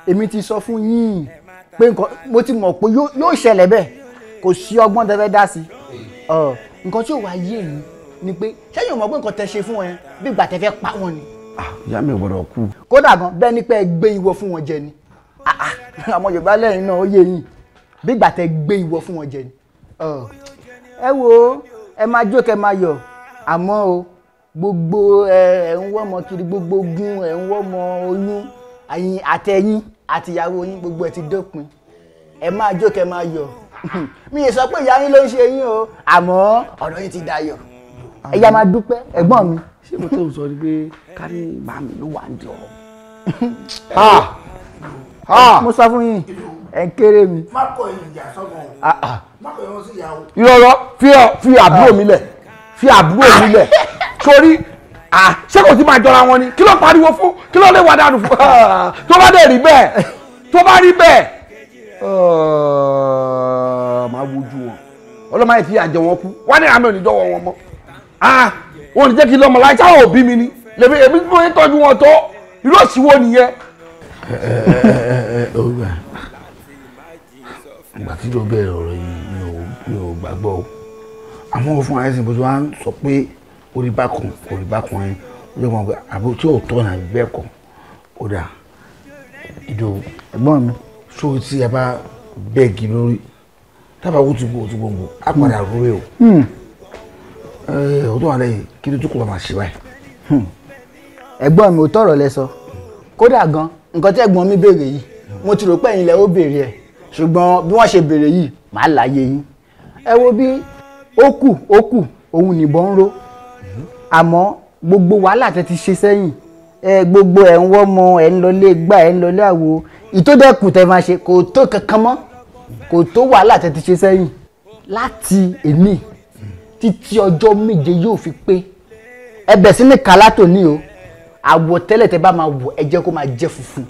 èmi ti sọ fún yín pé nǹkan mo ti mọ̀ pé yóò ṣẹlẹ̀ bẹ́ẹ̀ kò sí ọgbọ́n tẹ́fẹ́ dá sí nǹkan tí ò wá yé yín ni pé sẹ́yìn ò mọ̀ pé nǹkan tẹ́ ṣe fún wọn yẹn bí ìgbà tẹ́fẹ́ pa wọn ni. Ah, ìyá mi ò gbọ́dọ̀ kú. kódà gan bẹ́ẹ̀ ni pé ẹ gbé ìwọ fún wọn jẹ ni ah, àmọ́ yorùbá lẹ́yìn náà ó yé yín bí ìgbà tẹ́ gbé ìwọ fún wọn jẹ ni. ẹ wo ẹ máa jókè máa yọ àmọ́ o gbogbo ẹ ń wọ́mọ kiri gbogbo ogun ẹ ń wọ́mọ oyún àyìn àtẹ̀yìn àtìyàwó yín gbogbo ẹ̀ ti dópin ẹ máa jó kẹ́ máa yọ̀ [LAUGHS] mi ì sọ pé ìyá yín ló ń ṣe yín o àmọ́ ọ̀rọ̀ yín ti dayọ̀ ẹ̀yà máa dúpẹ́ ẹ̀gbọ́n mi. ṣé mo tó sọ ni pé kárí màmí ló wà ń di ọ̀rọ̀. [LAUGHS] mo sọ fún yín ẹ ń kéré mi. má kọ ìjà sọmọ o ah, ah. má kọ ìwọ sí ìyàwó. ìrọ̀rọ̀ fi àbúrò mi lẹ̀ fi àbúrò mi lẹ̀ [LAUGHS] sórí ah ṣé kò sí máa jọra wọn ni kí ló pariwo fún kí ló lè wà dànù fún ah, tó bá dé rí bẹ́ẹ̀ tó bá rí bẹ́ẹ̀ ah, máa wojú wọn ọlọ́mọ ti àjẹ wọn kú wọ́n ní àmì onídọ́wọ́ wọn mọ́ ah wọn ò ní jẹ́ kí lọ́mọ láì sáwọn òbí mi ni lèmi èmi tí mo ń tọ́jú wọn tó irú òsì wo nìyẹn. ọgbà eh, eh, eh, ìgbà tí ló bẹ̀rẹ̀ ọ̀rọ̀ yìí mi ò gbàgbọ́ o àmọ́ àìsàn bó ti wá ń sọ pé orí bákan orí bákan yẹn ó lè mọ pé àbí tí ò tọ́ nàbí bẹ́ẹ̀ kọ́ ó dà ìdò ẹ̀gbọ́n mi so tí a bá bẹ́ẹ̀gì lórí tábà wú ti gbòòtú gbòǹgbò á padà rúwé o ọdún hmm. eh, alẹ́ yìí kí ló tún kó bàbá ṣe báyìí. Hmm. ẹ̀gbọ́n mi ò tọrọ lẹ sọ kódà gan nǹkan tí ẹ̀gbọ́n mi béèrè yìí mo ti rò pé ẹ̀yin lẹ ó béèrè ẹ̀ ṣùgbọ́n bí wọ́n ṣe béèrè yìí màá láàyè yín ẹ wo bí ó kù ó kù òun nìbọn ń ró àmọ́ gbogbo wàhálà tẹ́ ti ṣe sẹ́yìn ẹ gbogbo ẹ̀ ń wọ́mọ ẹ̀ ń lọlé gbà ẹ̀ ń lọlé àwo ìtòdẹ́kù tẹ́ máa ṣe kò tó kankan mọ́ kò tó wàhálà tẹ́ ti ṣe sẹ́yìn láti èmi títí ọjọ́ méje yóò fi pé ẹ bẹ̀ sí ní o àwọ̀tẹ́lẹ̀ tẹ́ bá máa wọ̀ ẹ jẹ́ kó máa jẹ́ funfun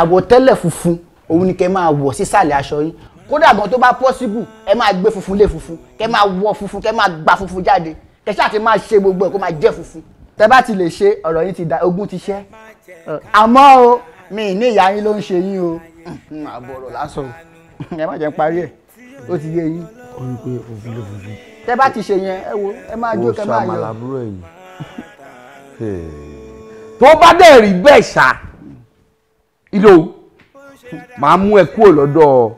àwọ̀tẹ́lẹ̀ funfun òun ni kẹ́ máa wọ̀ sísàlẹ̀ aṣọ yín kódà gan tó bá pọ́síbù ẹ máa gbé funfun lé funfun kẹ́ máa wọ̀ funfun kẹ́ máa gba funfun jáde ẹ ṣáà ti máa ṣe gbogbo ẹ̀ kó máa jẹ́ funfun tẹ bá ti lè ṣe ọ̀rọ̀ yín ti da ogún ti ṣẹ́ àmọ́ o mi ní ìyá yín ló ń ṣe yín o hm, àbọ̀rọ̀ lásán o ẹ má jẹ́ n parí ẹ̀ ó ti yé yín. ó rí i pé òfin ló fòfin. tẹ bá ti ṣe yẹn ẹ wo ẹ máa jó kẹ máa yọ. o ṣàmàlà búrò yìí. tó bá dẹ̀ rí bẹ́ẹ̀ ṣá ìlò màá mú ẹ kúrò lọ́dọ̀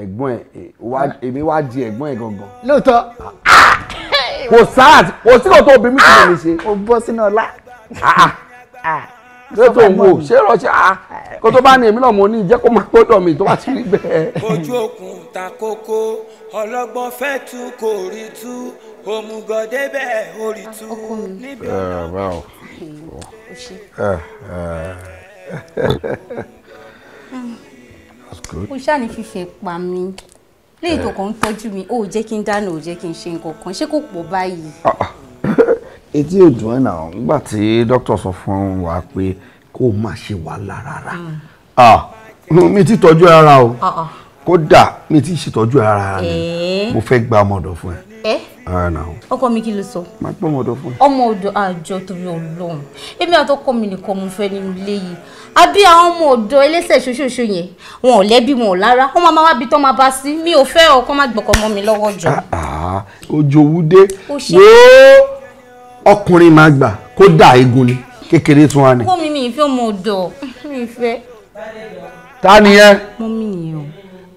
ẹ̀gbọ́n ẹ̀ èmi wá di ẹ̀gbọ́n ẹ̀ gangan. lóòótọ́. Ah! kò sáà kò sí kò tó obì mí kò lè ṣe. Ah, o bọ́ sínú ọlá. Ah, ah. ṣé tó ń wò ṣé rọ́ṣẹ́ a kó tó bá ní èmi náà mo ní ìjẹ́ kó máa gbọ́dọ̀ mi tó bá ti rí bẹ́ẹ̀. ojú òkun ta kókó ọlọ́gbọ́n fẹ́ tú kò rí tú òmùgọ̀ débẹ̀ orí tú níbi eh, ọ̀nà. Eh, eh. [LAUGHS] Hmm. ó ṣàní fífẹ́ pa mí léyìí tó eh. kàn ń tọ́jú mi ó jẹ́ kí n dáná ó jẹ́ kí n ṣe nǹkan kan ṣé kò pọ̀ báyìí. Ah, ah. [COUGHS] etí ò dùn ẹ́ náà nígbà tí dókítà sọ fún wa pé kó o má ṣe wàhálà rárá hmm. ah, mi ti tọ́jú ara o kódà mi ti ṣètọ́jú ara rẹ eh. mo fẹ́ gba ọmọ fún ẹ. Eh? ara nà. ọkọ mi kí ló sọ. máa pọ̀ ọmọ ọ̀dọ̀ fún mi ọmọ ọ̀dọ̀ àjọ torí ọlọ́run èmi àtọkọ mi nìkan mo fẹ́ nínú ilé yìí àbí àwọn ọmọ ọ̀dọ̀ ẹlẹ́sẹ̀ ṣoṣooṣo yẹn wọn ò lẹ́bí wọn ò lára wọn máa wá bí máa bá sí mi ò fẹ́ ọkọ má gbọ̀kọ̀ mọ́ mi lọ́wọ́ jọ. ojú owó dé wo ọkùnrin máa gbà kó dà egun ni kékeré tún wa ni. kó mi mi ìfẹ́ ọmọ ọ̀dọ̀ mi ìfẹ́. ta ni ẹ. mọ́ mi nìyẹn o.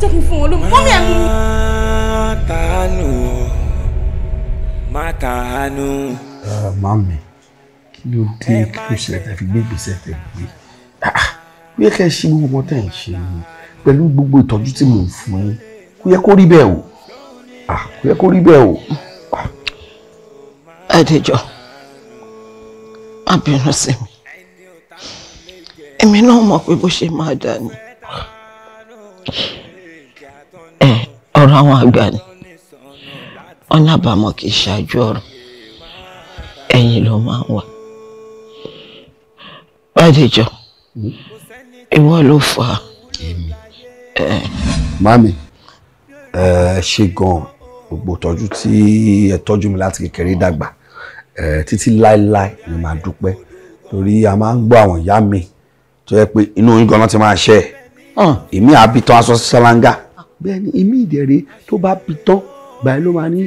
jẹ́ kí n fún wọn lómi mọ́mí ẹ̀ mú mi. má tàánù má tàánù. màá mi kí ló dé kí ló ṣẹlẹ̀ tẹ́ fi gbé ìgbésẹ̀ tẹ́ gbé bí ah, ẹ kẹ́ ṣe gbogbo ọmọ tẹ́ ń ṣe ni pẹ̀lú gbogbo ìtọ́jú tí mò ń fún yín kò yẹ kó rí bẹ́ẹ̀ o ah, kò yẹ kó rí bẹ́ẹ̀ o. Ah. Adéjọ má sí mi èmi náà mọ̀ pé bó ṣe máa dà ni. ọ̀rọ̀ àwọn àgbà ni wọ́n lábàámọ̀ kì í ṣáájú ọ̀rọ̀ ẹ̀yìn ló máa ń wà. Bádéjọ, ìwọ ló fà á. Mami, ẹ ṣe gan-an gbogbo ìtọ́jú tí ẹ tọ́jú mi láti kékeré dàgbà títí láéláé ni màá dúpẹ́ torí a máa ń gbọ́ àwọn ìyá mi tó yẹ pé inú yín gan-an ti máa ṣe é. Èmi àbí aṣọ sí ṣáláńgá bẹ́ẹ̀ ni ìmí ìdẹ̀rẹ̀ tó bá bi tán gbà ló máa ní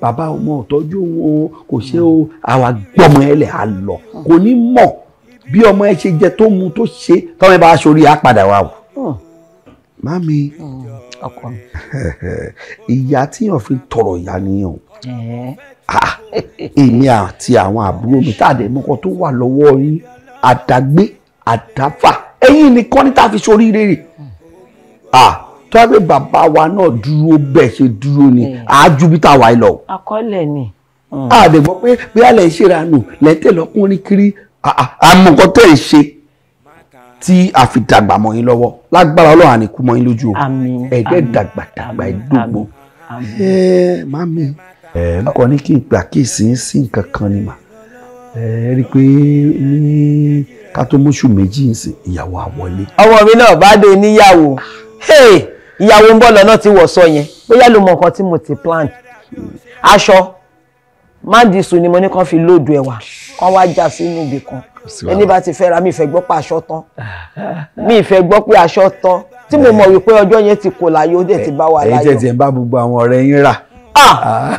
bàbá ọmọ ọ̀tọ́jú o kò ṣe o àwa gbọ́mọ ẹ lẹ̀ á lọ kò ní mọ̀ bí ọmọ ẹ ṣe jẹ tó mu tó ṣe tọ́mọ ẹ bá aṣọ rí i á padà wà o. mami ìyá tíyàn fi tọrọ ìyá nìyàn ah, èmi àti àwọn àbúrò mi táàdé mọ́kàn tó wà lọ́wọ́ yín àdágbé àdáfà ẹ̀yin nìkan ní tá a fi ṣoríire rè. Ah, tọ́wé bàbá wa náà dúró bẹ́ẹ̀ ṣe dúró ni àájú mm. bí táwa lọ. àkọọ́lẹ̀ ni. Mm. a lè gbọ́ pé bí a lè ṣe ìranù lẹ́tẹ̀ kiri àmọ̀kọ́ tẹ̀ ń ṣe tí a fi dàgbà mọ́ yín lọ́wọ́ lágbára ọlọ́run àníkú mọ́ yín lójú o ẹ̀dẹ́ dàgbà dàgbà ìdógbò ẹ mami n kò ní kí n gbà kí ìsìn sí nǹkan kan ni mà ẹ rí i pé ní ká tó mọ́ṣù méjì ìsìn ìyàwó àwọlé. ọmọ mi náà bá dé níyàwó. Hey! ìyàwó ń bọ̀ lọ́nà tí wọ́n sọ yẹn bóyá ló mọ nǹkan tí mo ti plan aṣọ mádìsù ni mo ní kàn fi lóòdù ẹ̀ wá kàn wá já sínú ibì kan ẹni bá ti fẹ́ ra mi ìfẹ́ gbọ́ pé aṣọ tán mi ìfẹ́ gbọ́ pé aṣọ tán tí mo mọ̀ wípé ọjọ́ yẹn ti kò láyé ó dẹ̀ ti bá wà láyọ̀. èyí tẹ̀sí ẹ̀ ń bá gbogbo àwọn ọ̀rẹ́ yín rà. Ah! Ah.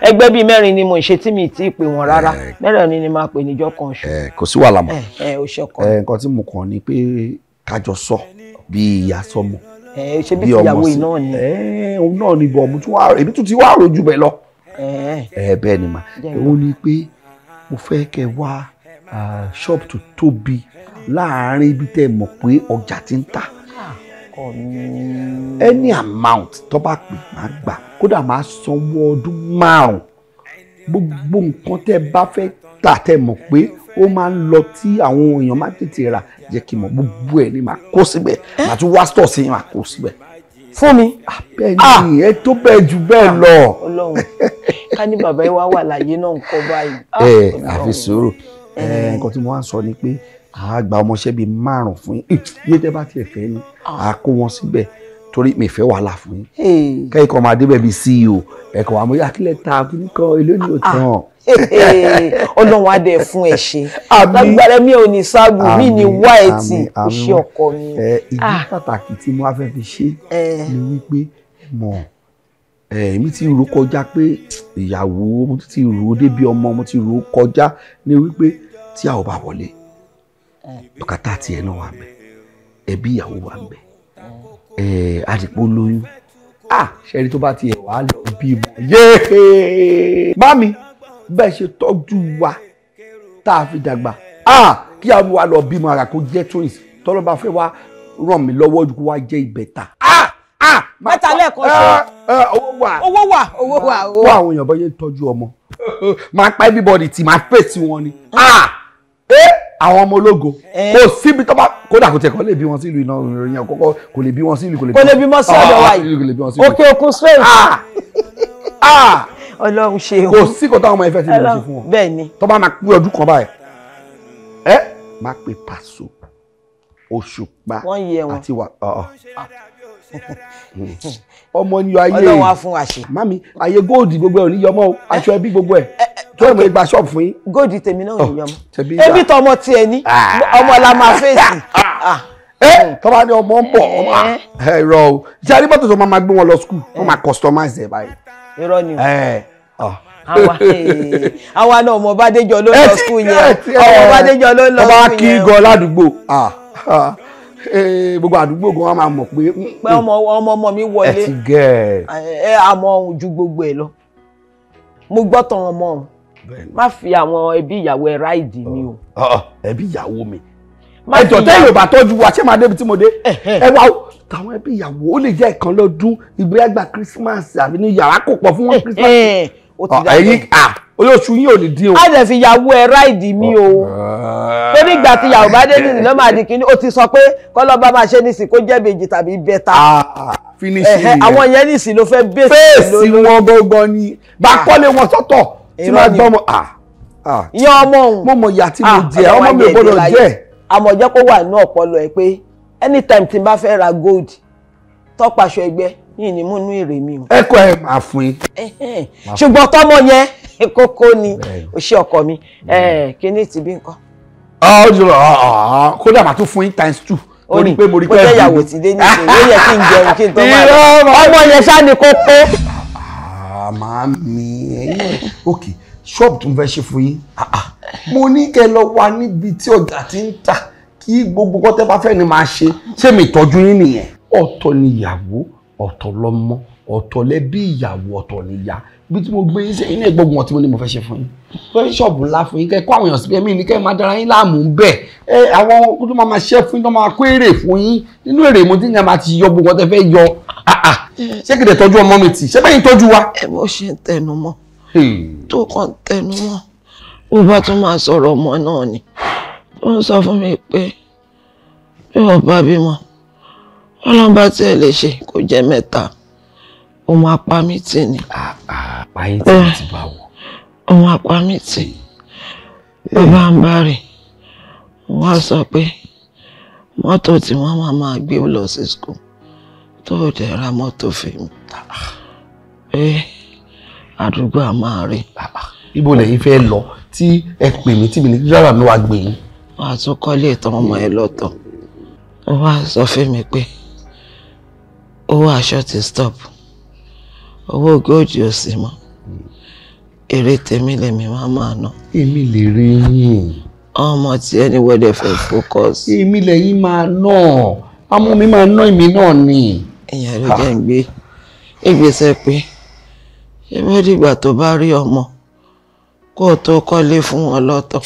[LAUGHS] ẹgbẹ́ bíi mẹ́rin ni mo ń ṣe tí mi ti pè wọ́n rárá eh. mẹ́rin ni máa pè níjọ́ kan ṣù. Eh, kò sí wàhálà mọ́ eh, nǹkan tí mo kàn ní pé kájọ sọ. So bí ìyá sọmọ. ẹ ṣe bí ìyàwó iná ni. ẹ òun náà ni bọ̀ mo tún wá èmi tún ti wá rojú bẹ́ẹ̀ lọ. ẹ bẹ́ẹ̀ ni mà òun ni pé mo fẹ́ kẹ́ wá ṣọ́ọ̀bù tó tóbi láàárín ibi tẹ́ mọ̀ pé ọjà ti ń tà ah, any amount tó bá pè máa gbà kódà máa sanwó ọdún márùn gbogbo nǹkan tẹ́ bá fẹ́ tà tẹ́ mọ̀ pé ó máa ń lọ tí àwọn èèyàn máa tètè rà jẹ́ kí n mọ̀ gbogbo ẹ̀ ni màá kó síbẹ̀ eh? màá tún wá stọ̀ sí màá kó síbẹ̀. fún mi. abẹ́ni ah, ah! ẹ tó bẹ́ẹ̀ jù bẹ́ẹ̀ ah, lọ. ọlọ́run ká ní bàbá yìí wá wà láyé náà ń kọ́ báyìí. ẹ eh, àfi sùúrù eh. nǹkan tí mo wá ń sọ ni pé àá gba ọmọọṣẹ́ bíi márùn-ún fún yín yé tẹ́ bá tiẹ̀ fẹ́ ni àá kó wọn síbẹ̀ torí mi fẹ́ wàhálà fún yín kẹ́yìn máa débẹ̀ bíi CEO ẹ̀kọ́ àmọ́ yá kílẹ̀ ta kíní kan èlé ni ò tán. [LAUGHS] ọlọ́run á dẹ̀ fún ẹ ṣe lágbára mi ò ní sáàbù mi ní wá ẹtì kò ṣe ọkọ mi. ìdí ah. pàtàkì tí mo á fẹ́ fi ṣe ni wípé mo èmi ti rò kọjá pé ìyàwó mo ti rò débi ọmọ mo ti rò kọjá ni wípé tí a ò bá wọlé bùkátà tiẹ̀ náà wà mẹ́ ẹbí ìyàwó wà mẹ́ àdìpó lóyún ah, ṣẹ́ni tó bá tiẹ̀ wà á lọ bí mo yéé mami bẹ́ẹ̀ ṣe tọ́jú wa tá a fi dàgbà ah kí a wá lọ bímọ ara kó jẹ́ twins tọ́lọ́ bá fẹ́ wá ràn mí lọ́wọ́ ju wá jẹ́ ìbẹ̀ta. ah ah mẹ́ta lẹ́ẹ̀kan ṣe owó wà owó wà owó wà owó wà àwọn èèyàn bá yẹn tọ́jú ọmọ [LAUGHS] máa pa everybody tì máa fèsì wọn ni ah àwọn ọmọ ológo kò síbi tó bá kódà kò tẹ kó lè bí wọn sílùú iná ìròyìn àkọ́kọ́ kò lè bí wọn sílùú kò lè bí wọn sílùú ah, ah, kò lè bí wọn sílùú òkè òkun spain. Ọlọ́run ṣe o. kò sí kò táwọn ọmọ ìfẹ́ ti lè ṣe fún ọ. bẹ́ẹ̀ ni. tó bá máa pé ọdún kan báyìí ẹ máa pe pàṣọ òṣùpá àti wà ọmọ ní ayé Ọlọ́run á fún wa ṣe. mami ayé góòdì gbogbo ẹ ò ní yọmọ o eh, aṣọ ẹbí gbogbo ẹ tó ẹ̀mọ̀ ìgbà ṣọ́ọ̀bù fún yín. góòdì tèmi náà ò ní yọmọ ebi tọmọ tiẹ̀ ní ah. ọmọ la máa fèsì [LAUGHS] ah. ah. eh, tọ́ba ní ọmọ ń bọ̀ ọmọ ẹ̀rọ eh. o ṣe àdébọ̀tò tó máa gbé wọn lọ skul wọ́n máa customize ẹ̀ báyìí irọ́ ni o [LAUGHS] eh, àwa náà ọmọ bàdéjọ ló lọ skul yẹn ọmọ bàdéjọ ló lọ skul yẹn o. ọba kí gan ládùúgbò gbogbo àdúgbò gan wọn máa mọ̀ pé. Mm, pé mm. ọmọ ọmọ mi wọlé ẹ ti gẹ ẹ àmọ́ ju gbogbo ẹ lọ mo gbọ́ tán ọmọ má fi àwọn ẹbí ìyàwó ẹ ráìdì mi o. ẹbí ìyàwó mi ẹjọ tẹ yóò bá tọ́jú wa ṣé máa débi tí mo dé ẹ wá tàwọn ẹbí ìyàwó ó lè jẹ́ ìkan lọ́dún ìgbéyàgbà Christmas àbí ní yàrá kò pọ̀ fún wọn Christmas ẹyin olóṣù yín ò lè dín o. àìsàn fi ìyàwó ẹ ráìdì mi o ah. torí ìgbà tí ìyàwó bá dé nìyí lọ́mọ àdìkíní ó ti sọ pé kọ́lọ́ba máa ṣe nísìn kó jẹ́ bèjì tàbí bẹ́ta ah, àwọn yẹn nísìn ló fẹ́ bẹ́sì lórí. fèsì wọn gbọgbọ ni bá ah. kọ́lé wọn sọ́tọ̀ tí máa gbọ́mọ. ìyá ọmọ òun mo mọ̀ ìyá tí mo jẹ ọmọ mi ò gbọ́dọ̀ jẹ́ àmọ̀jẹ́ kó wà ní ọpọlọ ẹ pé anytime tí n bá fẹ́ ra gold tọ́pàṣọ ẹgbẹ́ yìí ni mú inú èrè mi o. ẹ kọ ẹ máa fún yín. ṣùgbọ́n tọ́mọ yẹn [LAUGHS] kókó ni òṣì ọkọ mi kíní ti bí nǹkan. kódà màá tún fún yín times two ó rí pé mo rí pé ẹ bí mi. mo jẹ́ ìyàwó tí dé ní ìṣòro ó yẹ kí n jẹun kí n tó máa lọ [LAUGHS] ọmọ yẹn ṣáà ni kókó. Ah, màámi ẹ̀yin òkè ṣọ́ọ̀bù tó ń fẹ́ ṣe fún yín ah, ah, mo ní kẹ́ lọ wá níbi tí ọjà ti ń tà kí gbogbo kọ́tẹ́ bá fẹ́ ni máa ṣe ṣé mi tọ́jú yín nìyẹn. ọ̀tọ̀ ni ìyàwó ọ̀tọ̀ lọ́mọ ọ̀tọ̀ lẹ́bí ìyàwó ọ̀tọ̀ níyà bí tí mo gbé yín sẹ́yìn ní ẹ̀gbọ́n wọn tí mo ní mo fẹ́ ṣe fún yín fẹ́ ṣọ́ọ̀bù ńlá fún yín kẹ́ kó àwọn èèyàn síbẹ̀ mí ní kẹ́ máa dára yín láàmú bẹ́ẹ̀ ẹ àwọn tó máa ṣẹ́ fún yín tó máa kó èrè fún yín nínú èrè mo ti ń yàn ti yọ gbogbo ọtẹ fẹ́ yọ ṣé kìdẹ̀ tọ́jú ọmọ mi tì ṣé bẹ́yìn tọ́jú wa. ẹ bó ṣe ń tẹnu mọ́ tó kàn tẹnu mọ́ bó bá tún máa sọ̀rọ̀ ọmọ náà ni ó ń sọ fún mi pé bí wọ́n bá bímọ ọlọ́run bá tiẹ̀ lè ṣe kó jẹ́ mẹ́ta òun apá mi tì ní. apá yín eh. tí wọ́n ti bá wọ̀. òun apá mi tì bàbá ń bá rè wọ́n á sọ pé mọ́tò tí wọ́n máa máa gbé lọ sí skul tó dẹ̀ ra mọ́tò fèmí pé ah, ah. eh, àdúgbò a máa rí. Ah, ibo lẹ́yìn fẹ́ lọ tí ẹ pè mí tí mi ní dírẹ́bà mi wá gbé yín. wọ́n á tún kọ́lé ìtàn ọmọ ẹ lọ́tọ̀ ó wá sọ fún mi pé owó aṣọ ti stop owó góòjì ò sí mọ́ èrè tèmi lèmi máa máa ná. èmi lè rí yín. ọmọ tí ẹni wọlé fẹ́ focus. èmi lẹ́yìn máa ná ọmọ mi máa ná èmi náà ni. ìyàrá jẹ́ ń gbé ìgbésẹ̀ pé ṣé bó dìgbà tó bá rí ọmọ kó o tó kọ́lé fún wọn lọ́tọ̀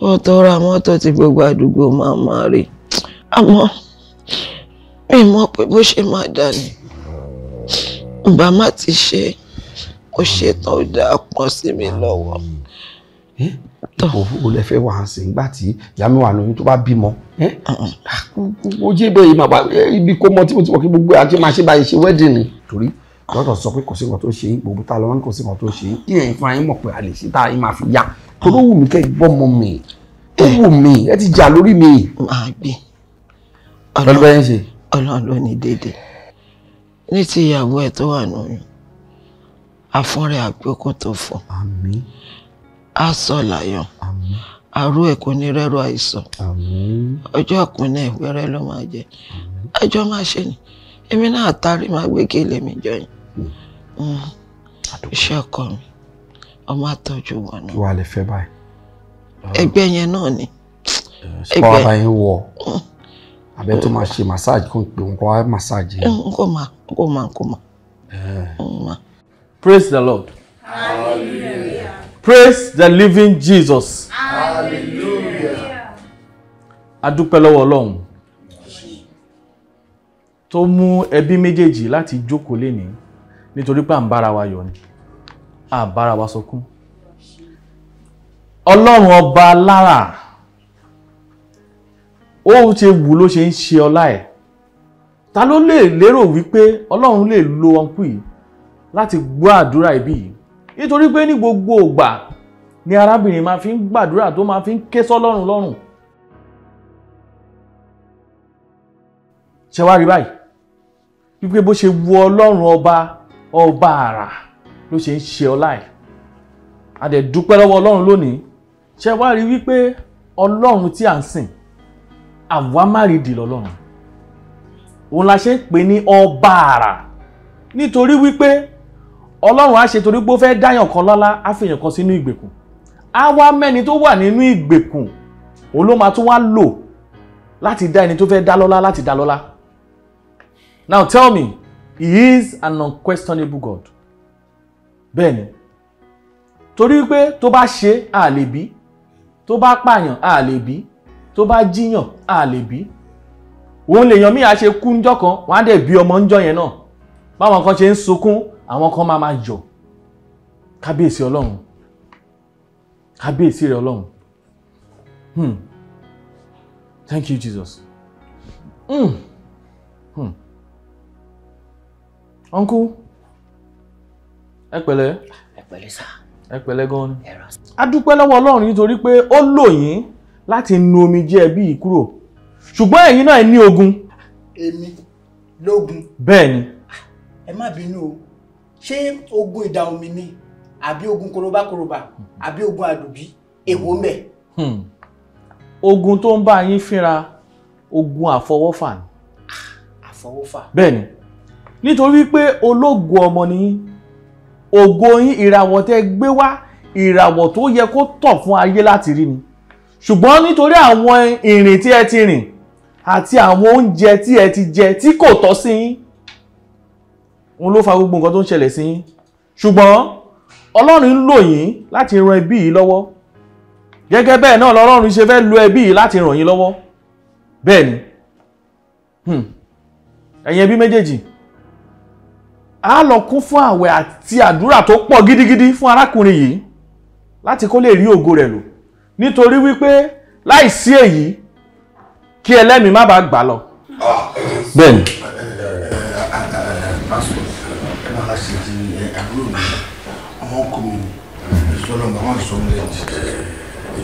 kó o tó ra mọ́tò tí gbogbo àdúgbò máa máa rí àmọ́ mi mọ̀ pé bó ṣe máa dà ní ìbá má ti ṣe kó ṣetán ó dáa pọ̀ sí mi lọ́wọ́. o lè fẹ́ wàá sí nígbà tí yàmi wà lóyún tó bá bímọ ó jẹ́ ah, bẹ́ẹ̀ ibi kó mọ tí mo ti mọ̀ kí gbogbo àti máa ṣe báyìí ṣe wẹ́dìnì torí lọ́dọ̀ sọ pé kò sí nǹkan tó ṣe yín gbogbo tá a lọ wọn kò sí nǹkan tó ṣe yín kí ẹ̀yin fún ayín mọ̀ pé a lè ṣe tá a yín máa fi yá torí ó wù mí kẹ́ ẹ gbọ́ ọmọ mi ó wù mí ẹ ti jà lórí mi. máa gbé ọlọ́run ló ní dédé ní ti ìyàwó ẹ̀ tó wà lóyún afọ́nrẹ́ àgbékò tó fọ́ á sọ láyọ̀ àrú ẹ̀ kò ní rẹ́rù àìsàn ọjọ́ ìkúnlẹ̀ ìwẹ́rẹ́ ló máa jẹ ẹjọ́ máa ṣe ni èmi náà tarí máa gbé kí ilé mi jọyìn iṣẹ́ ọkọ mi ọmọ àtọ́jú wọn náà. kí wàá lè fẹ́ báyìí. ẹgbẹ́ yẹn náà ni. ẹgbẹ́ spa báyìí wọ̀ abẹ́ mm. tó máa ṣe massage kó n pè wá massage yẹn. n kò mà n kò mà n kò mà. praise the lord. hallelujah. praise the living jesus. hallelujah. a dúpẹ́ lọ́wọ́ ọlọ́run tó mú ẹbí méjèèjì láti jókòó lénìí nítorí pé à ń bára wa yọ̀ ni à ń bára wa sọkún ọlọ́run ọba lára ó ṣe wù ló ṣe ń ṣe ọlá ẹ̀ ta ló lè lérò wípé ọlọ́run lè lo ọkù yìí láti gbọ́ àdúrà ibi yìí nítorí pé ní gbogbo ògbà ni arábìnrin máa fi ń gbàdúrà tó máa fi ń ké sọ́lọ́run lọ́rùn ṣe wá rí báyìí wípé bó ṣe wù ọlọ́run ọba ọba àrà ló ṣe ń ṣe ọlá ẹ̀ a dẹ̀ dúpẹ́ lọ́wọ́ ọlọ́run lónìí ṣe wá rí wípé ọlọ́run tí à ń sìn àwa má rí dì lọ́lọ́run òun la ṣe ń pè ní ọba àrà nítorí wípé ọlọ́run á ṣe torí pé ó fẹ́ dáyàn kan lọ́lá á fìyàn kan sínú ìgbèkùn á wá mẹ́ni tó wà nínú ìgbèkùn òun ló máa tún wá lò láti dá ẹni tó fẹ́ dá lọ́lá láti dá lọ́lá now tell me he is an unquestionable God bẹ́ẹ̀ ni torí pé tó bá ṣe a lè bí tó bá pààyàn a lè bí tó bá jiyàn a lè bí òun lèèyàn míì àṣe kú ńjọ́ kan wọn á dẹ̀ bí ọmọ ńjọ́ yẹn náà báwọn kan ṣe ń sunkún àwọn kan máa máa yọ̀ kábíyèsí ọlọ́run kábíyèsí rẹ ọlọ́run hmm thank you Jesus. Hmm. Hmm ọ̀nkú ẹ pẹ̀lẹ́. ẹ pẹ̀lẹ́ sá. ẹ pẹ̀lẹ́ gan ni. a dúpẹ́ lọ́wọ́ ọlọ́run nítorí pé ó lò yín láti nu omijé ẹbí yìí kúrò ṣùgbọ́n ẹ̀yin náà ní ogun. èmi lógun. bẹ́ẹ̀ ni. ẹ má bínú o ṣé ogun ìdà omi ni àbí ogun korobakoroba àbí ogun àdùbí èwo ń bẹ. Hmm. ogun tó ń bá yín fínra ogun àfọwọ́fà ni. Ah, àfọwọ́fà. bẹ́ẹ̀ nítorí pé ológo ọmọ ni yín ògo yín ìràwọ̀ tẹ́ gbé wá ìràwọ̀ tó yẹ kó tọ̀ fún ayé láti rí ni ṣùgbọ́n nítorí àwọn ìrìn tí ẹ ti rìn àti àwọn oúnjẹ tí ẹ ti jẹ tí kò tọ́ sí yín òun ló fa gbogbo nǹkan tó ń ṣẹlẹ̀ sí yín ṣùgbọ́n ọlọ́run ń lò yín láti ran ẹbí yìí lọ́wọ́ gẹ́gẹ́ bẹ́ẹ̀ náà lọ́lọ́run ṣe fẹ́ lo ẹbí yìí láti ràn yín lọ́wọ́ bẹ́ẹ̀ ni hmm. ẹ̀yin ẹbí méjèèjì a lọ kún fún àwẹ̀ àti àdúrà tó pọ̀ gidigidi fún arákùnrin yìí láti kó lè rí ògo rẹ̀ lò nítorí wípé láìsí èyí kí ẹlẹ́mìí má bàa gbà lọ. bẹ́ẹ̀ni.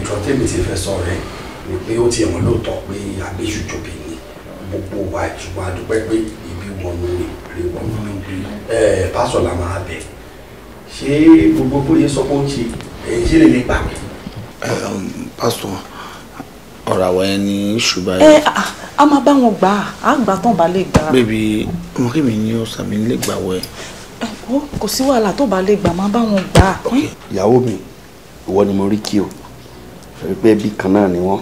ìjọ tèmi ti fẹ́ sọ rẹ̀ ni pé ó ti ẹ̀wọ̀n lóòótọ́ pé àgbéṣùjọbí ni gbogbo wa ìṣùgbọ́n a pé ibi wọnú ni pásọ̀ la máa bẹ̀ ṣé gbogbo bóyá sọ pé ó ṣe ẹ̀yìn ṣe lè lè gbà mí. pásítọ̀ ọ̀rọ̀ àwọn ẹni ṣùgbọ́n. ẹ a máa bá wọn gbà á gbà tán bá lè gbà. bébí mo kí mi ní ọ̀sán mi lè gbà wọ ẹ. ó kò sí wàhálà tó bá lè gbà máa bá wọn gbà. ìyàwó mi ìwọ ni mo rí kí o rí pé ẹbí kan náà ni wọn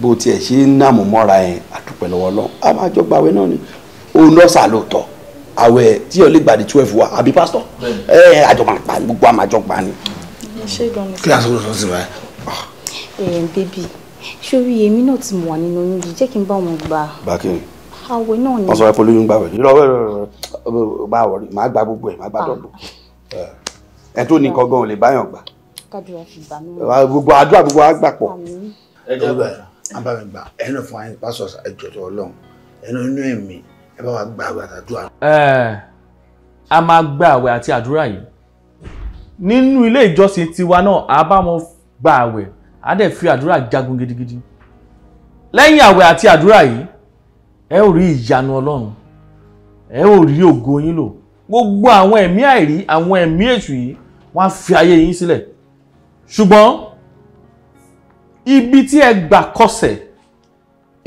bó tiẹ̀ ṣe ń nààmú mọ́ra ẹ̀ àdúpẹ́ lọ́wọ́ lọ́wọ́ a máa jọ gbàwé náà ni òun lọ́sà lóòótọ́ àwẹ̀ tí o lè gbàdé twelve wa àbí pásítọ̀ ẹ àjọ máa pa gbogbo àmàjọ pa ni. kí a sọ lọ sí báyìí. bébì sórí èmi náà ti wà nínú oyún yìí jẹ́ kí n bá wọn gbà. bákìrì àwẹ̀ náà ni. wọ́n sọ ẹ̀fọ́ lóyún gbàwẹ̀ yìí lọ́wọ́ bá wọ̀ rí màá gba gbogbo ẹ̀ màá gba ah. dọ̀gbọ̀ ẹ̀ tó ní nǹkan gan ò lè báyàn gbà. kádùrà fi gbà mí. àdúrà gbogbo wa gbà pọ̀. ẹ jẹ́ bẹ́ẹ̀ abáwẹ̀ gbà ẹ̀ náà fún wa pásọ̀ ẹ̀jọ̀ ọlọ́run ẹ̀ náà inú ẹ̀mí ẹ bá wa gba àwẹ̀ àtàdúrà. ẹ a máa gba àwẹ̀ àti àdúrà yìí nínú ilé ìjọsìn tiwa náà a bá wọn gba àwẹ̀ a dẹ̀ fi àdúrà jagun gidigidi lẹ́yìn àwẹ̀ àti àdúrà yìí ẹ ó rí ìyanu ọlọ́run ẹ ó rí ògo yín lò gbogbo àwọn ẹ̀mí àìrí àwọn ẹ̀mí èṣù yìí wọ́n á fi ayé yín sílẹ̀ ṣùgbọ́n ibi tí ẹ gbà kọsẹ̀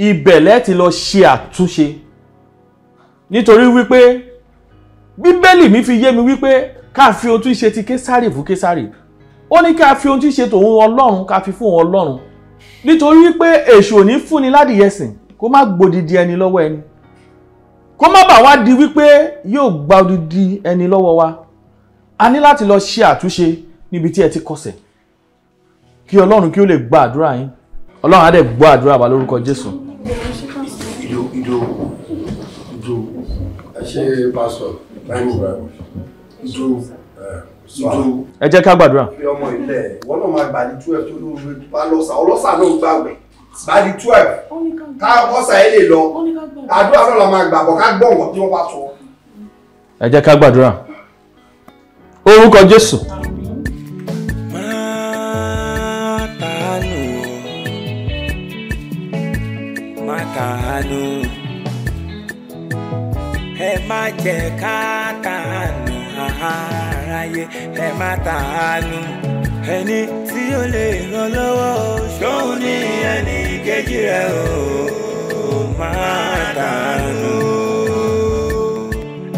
ibẹ̀ lẹ́ẹ̀ ti lọ ṣe àtúnṣe nítorí wípé bíbélì mi fi yé mi wípé ká fi ohun tí ń ṣe ti késàrì fún késàrì ó ní ká fi ohun tí ń ṣe tòun ọlọ́run ká fi fún òun ọlọ́run nítorí wípé èṣù ò ní fúnni ládìyẹsìn kó má gbòdìdì ẹni lọ́wọ́ ẹni kó má bàa wá di wípé yóò gba odidi ẹni lọ́wọ́ wa a ní láti lọ ṣe àtúnṣe níbi tí ẹ ti kọsẹ̀ kí ọlọ́run kí ó lè gba àdúrà yín ọlọ́run á dẹ̀ gbọ́ àdúrà wa lórúkọ jésù ṣe pásọ do do. ẹ jẹ́ ká gbàdúrà. fi ọmọ ilẹ̀ ìwọ náà máa gbàdí twelve tó lóore bá lọ́sà ọlọ́sà náà gbàwẹ̀ gbàdí twelve ká ọ̀sà ẹ̀ lè lọ àdúrà náà la máa gbàgbọ́ ká gbọ́ nǹkan tí wọ́n bá sọ. ẹ jẹ́ ká gbàdúrà orúkọ Jésù. Mátàánù. Mátàánù má jẹ́ ká tàánú aráyé ẹ má tàánú ẹni tí ó lè ràn lọ́wọ́ ṣóun ní ẹni kejì rẹ̀ ó má tàánú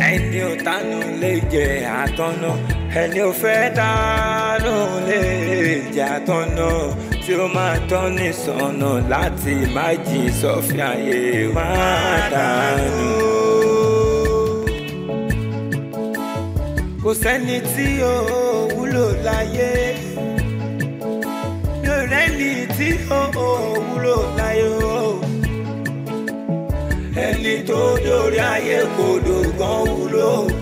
ẹni ò tánú lè jẹ àtọ́nà ẹni ò fẹ́ tánú lè jẹ àtọ́nà tí ó máa tán ní sọnà láti má jí sọfíà yé má dànù. kò sẹ́ni tí ó wúlò láyé mi ò rẹ́ni tí ó wúlò láyé o ẹni tó dórí ayé kò dògán wúlò. [LAUGHS]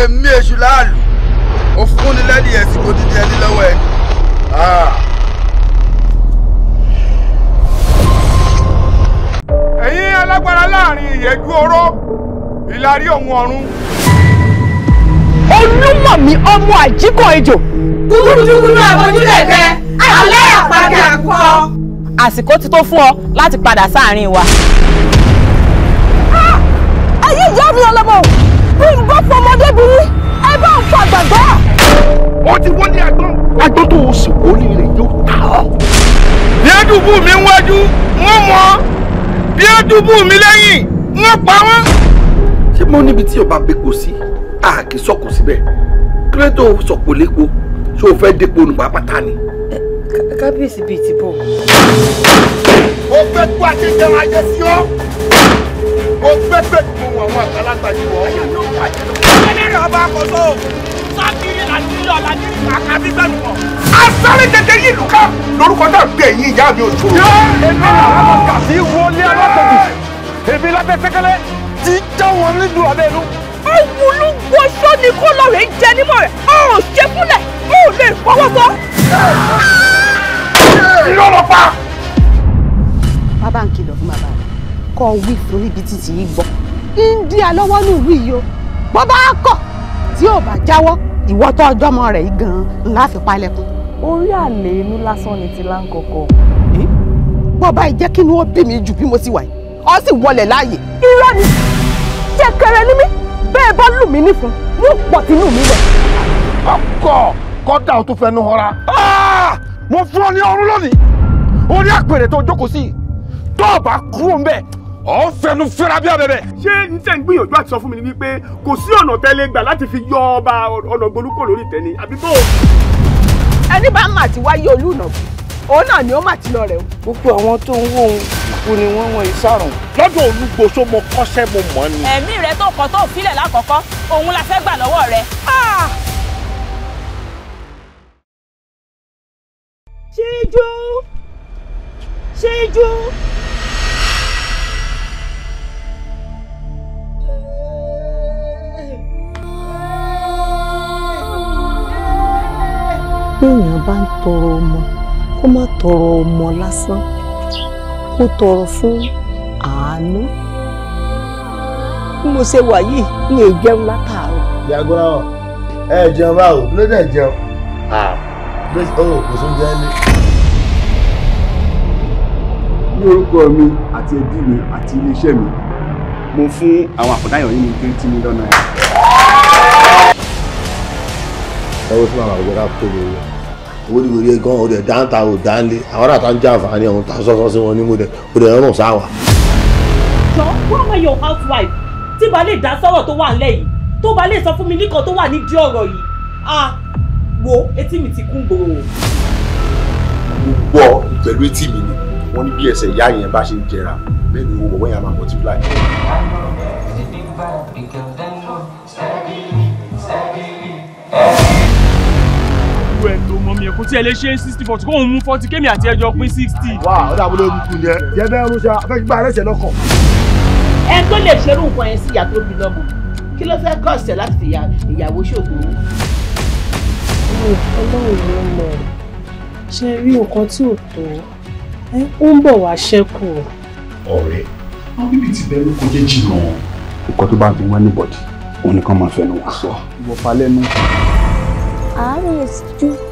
èmi èṣù láàlú òfúnnilẹ́dìí ẹ̀sìn kò dídí ẹni lọ́wọ́ ẹni. ìyẹ́jú oró ìlarí òun ọ̀run. olúmọ̀mí ọmọ àjíkọ̀ ejò. dúkúdúkú náà bójúlẹ̀ jẹ alẹ́ àpàdé àkọ́. àsìkò ti tó fún ọ láti padà sáàrin wa. Ah! ayé ìyá mi ọlọmọ bí n bọ́ fọmọdébìnrin ẹ bá ń fa gbàgbọ́. ó ti wọlé agbọ́n agbọ́n tó o sì wọlé rẹ̀ yóò ta ọ́. bí adùbù mi ń wájú wọ́n mọ̀ bí adùbù mi lẹ́yìn ń pa wọ́n. ṣé mo níbi tí ọba bẹ́kọ̀ sí àáké sọ̀kò síbẹ̀ kí ló tó sọ̀kò lépo ṣé o fẹ́ dépò nù pátá ni. kábíyèsí bíi ti bọ̀. o fẹ́ kó àṣejẹun ayé sí ọ́ o fẹ́ bẹ́ẹ̀ kó wọn àwọn àgbàlagbà jù ọ́. ayé ló wà jẹ́ lọ́wọ́. ẹlẹ́rìí ọba àkọ́sọ́ sákìrì àti ilé ọ̀la ní àkàbí gbẹ̀mí kan. asáré tètè yìí lùkà lórúkọ náà gbé yín ìyá mi ò tó. yóò lè ní wọlé alákòókò èmi lábẹ́ fẹ́kẹ́lẹ́ ti já wọn nílùú abẹ́lú. awolowóṣọ ni kó lọ́ọ̀rẹ́ jẹ nímọ̀ rẹ̀ ọ̀rọ̀ ṣẹ́kúnlẹ̀ ó lè fọwọ́ sọ. irọ́ lọ pa. bàbá ń kìlọ̀ fún bàbá rẹ̀ kọ́ wí fún níbi títí yìí gbọ́. india lọ́wọ́ ní ìlú yìí bọ́ bá kọ̀ tí ò bá jáwọ́ ìwọ́ tó ọjọ́ ọmọ rẹ̀ yìí gan-an ńlá fi palẹ̀kùn. orí àlè inú lásán ni ti láǹkọ̀kọ̀. bọ́ọ̀ báyìí jẹ́ kí inú ó bí mi jù bí mo ti wà yìí ọ sì wọlẹ̀ láàyè. irọ́ ni ṣé kẹrẹ ní mí bẹ́ẹ̀ bá lù mí nífun mú pọ̀ tínú mi lọ. ọkọ kọ́dà ò tún fẹnu họra. Ah! mo fún ọ ní ọrún lónìí orí àpèrè tó jókòó sí i tó o bá kúrò ń bẹ́ẹ̀ ọ fẹnu fẹ́ra bí abẹ́bẹ́. ṣé n tẹ́ ń gbìyànjú àti sọ fún mi ni wípé kò sí ọ̀nà tẹ́lẹ̀ gbà láti fi yọ ọba ọ̀nà gbolúkọ lórí tẹ́ni àbí bó. ẹni bá mà ti wáyé olú ìnàbù òun náà ni ó mà ti lọ rẹ̀ o. gbogbo àwọn tó ń wó òun ikú ni wọ́n wọ́n ìsàrùn. lọ́dọ̀ olúgbòso mo kọ́ṣẹ́ mo mọ̀ ni. ẹ̀mí rẹ tó kọ́ tó filẹ̀ lákọ̀ọ́kọ́ òun la fẹ́ gbà lọ́wọ́ rẹ. Ah! ṣíjú ṣíjú. bí èèyàn bá ń tọrọ ọmọ kó má tọrọ ọmọ lásán kó tọrọ fún àánú bí mo ṣe wà yìí n ò jẹun látàárọ̀. ìyàgòrà ọ ẹ jẹun báwo ló dẹ jẹun ó kò sún jẹ ní. ní orúkọ mi àti ẹbí mi àti iléeṣẹ́ mi mo fún àwọn àkọ́dáyọ̀ yìí ní twenty million naira. ẹ wo tí màmá àgbẹ̀dá tó lóore orí orí ẹ gan ọdẹ dáńtà ò dáńlé àwọn àtà ń jẹ àǹfààní ọ̀hún tá a sọ́sọ́ sí wọn ní mo dẹ mo dẹ rún sáwà. jọ wá máa yọ housewife tí bá lè dá sọ́rọ̀ tó wà ńlẹ̀ tó bá lè sọ fún mi nìkan tó wà nídìí ọ̀rọ̀ yìí ah wo etí mi ti kún gbòòrò. mo gbọ́ pẹ̀lú etí mi ni wọ́n ní bí ẹsẹ̀ ìyá yẹn bá ṣe ń jẹra bẹ́ẹ̀ ni owó wọ́n máa multiply. Steady, steady, steady nìyẹn kò tí ẹ lè ṣe sixty forty kóun mú forty kémi àti ẹjọ pín sixty. wà á dàbọ̀ lórí kùn yẹn yẹn bẹ́ẹ̀ ló ṣe afẹ́ gbá ẹlẹ́sẹ̀ lọ́kọ̀. ẹ tó lè ṣerú nǹkan yẹn sí ìyá tó bí lọ́mọ kí ló fẹ́ kọ́ ọ̀sẹ̀ láti fi ìyàwó ṣògo. ọlọ́run ló mọ̀ ṣe rí nǹkan tí ò tó ó ń bọ̀ wá ṣẹ́kù. ọ̀rẹ́ wọn bíbí ti bẹ lóko jẹ́ jìnnà. nǹkan tó bá bí wọn níbọ̀dì òun nìkan máa fẹnu wá sọ. ìwọ̀fà lẹ́nu. àárẹ̀ ṣíjú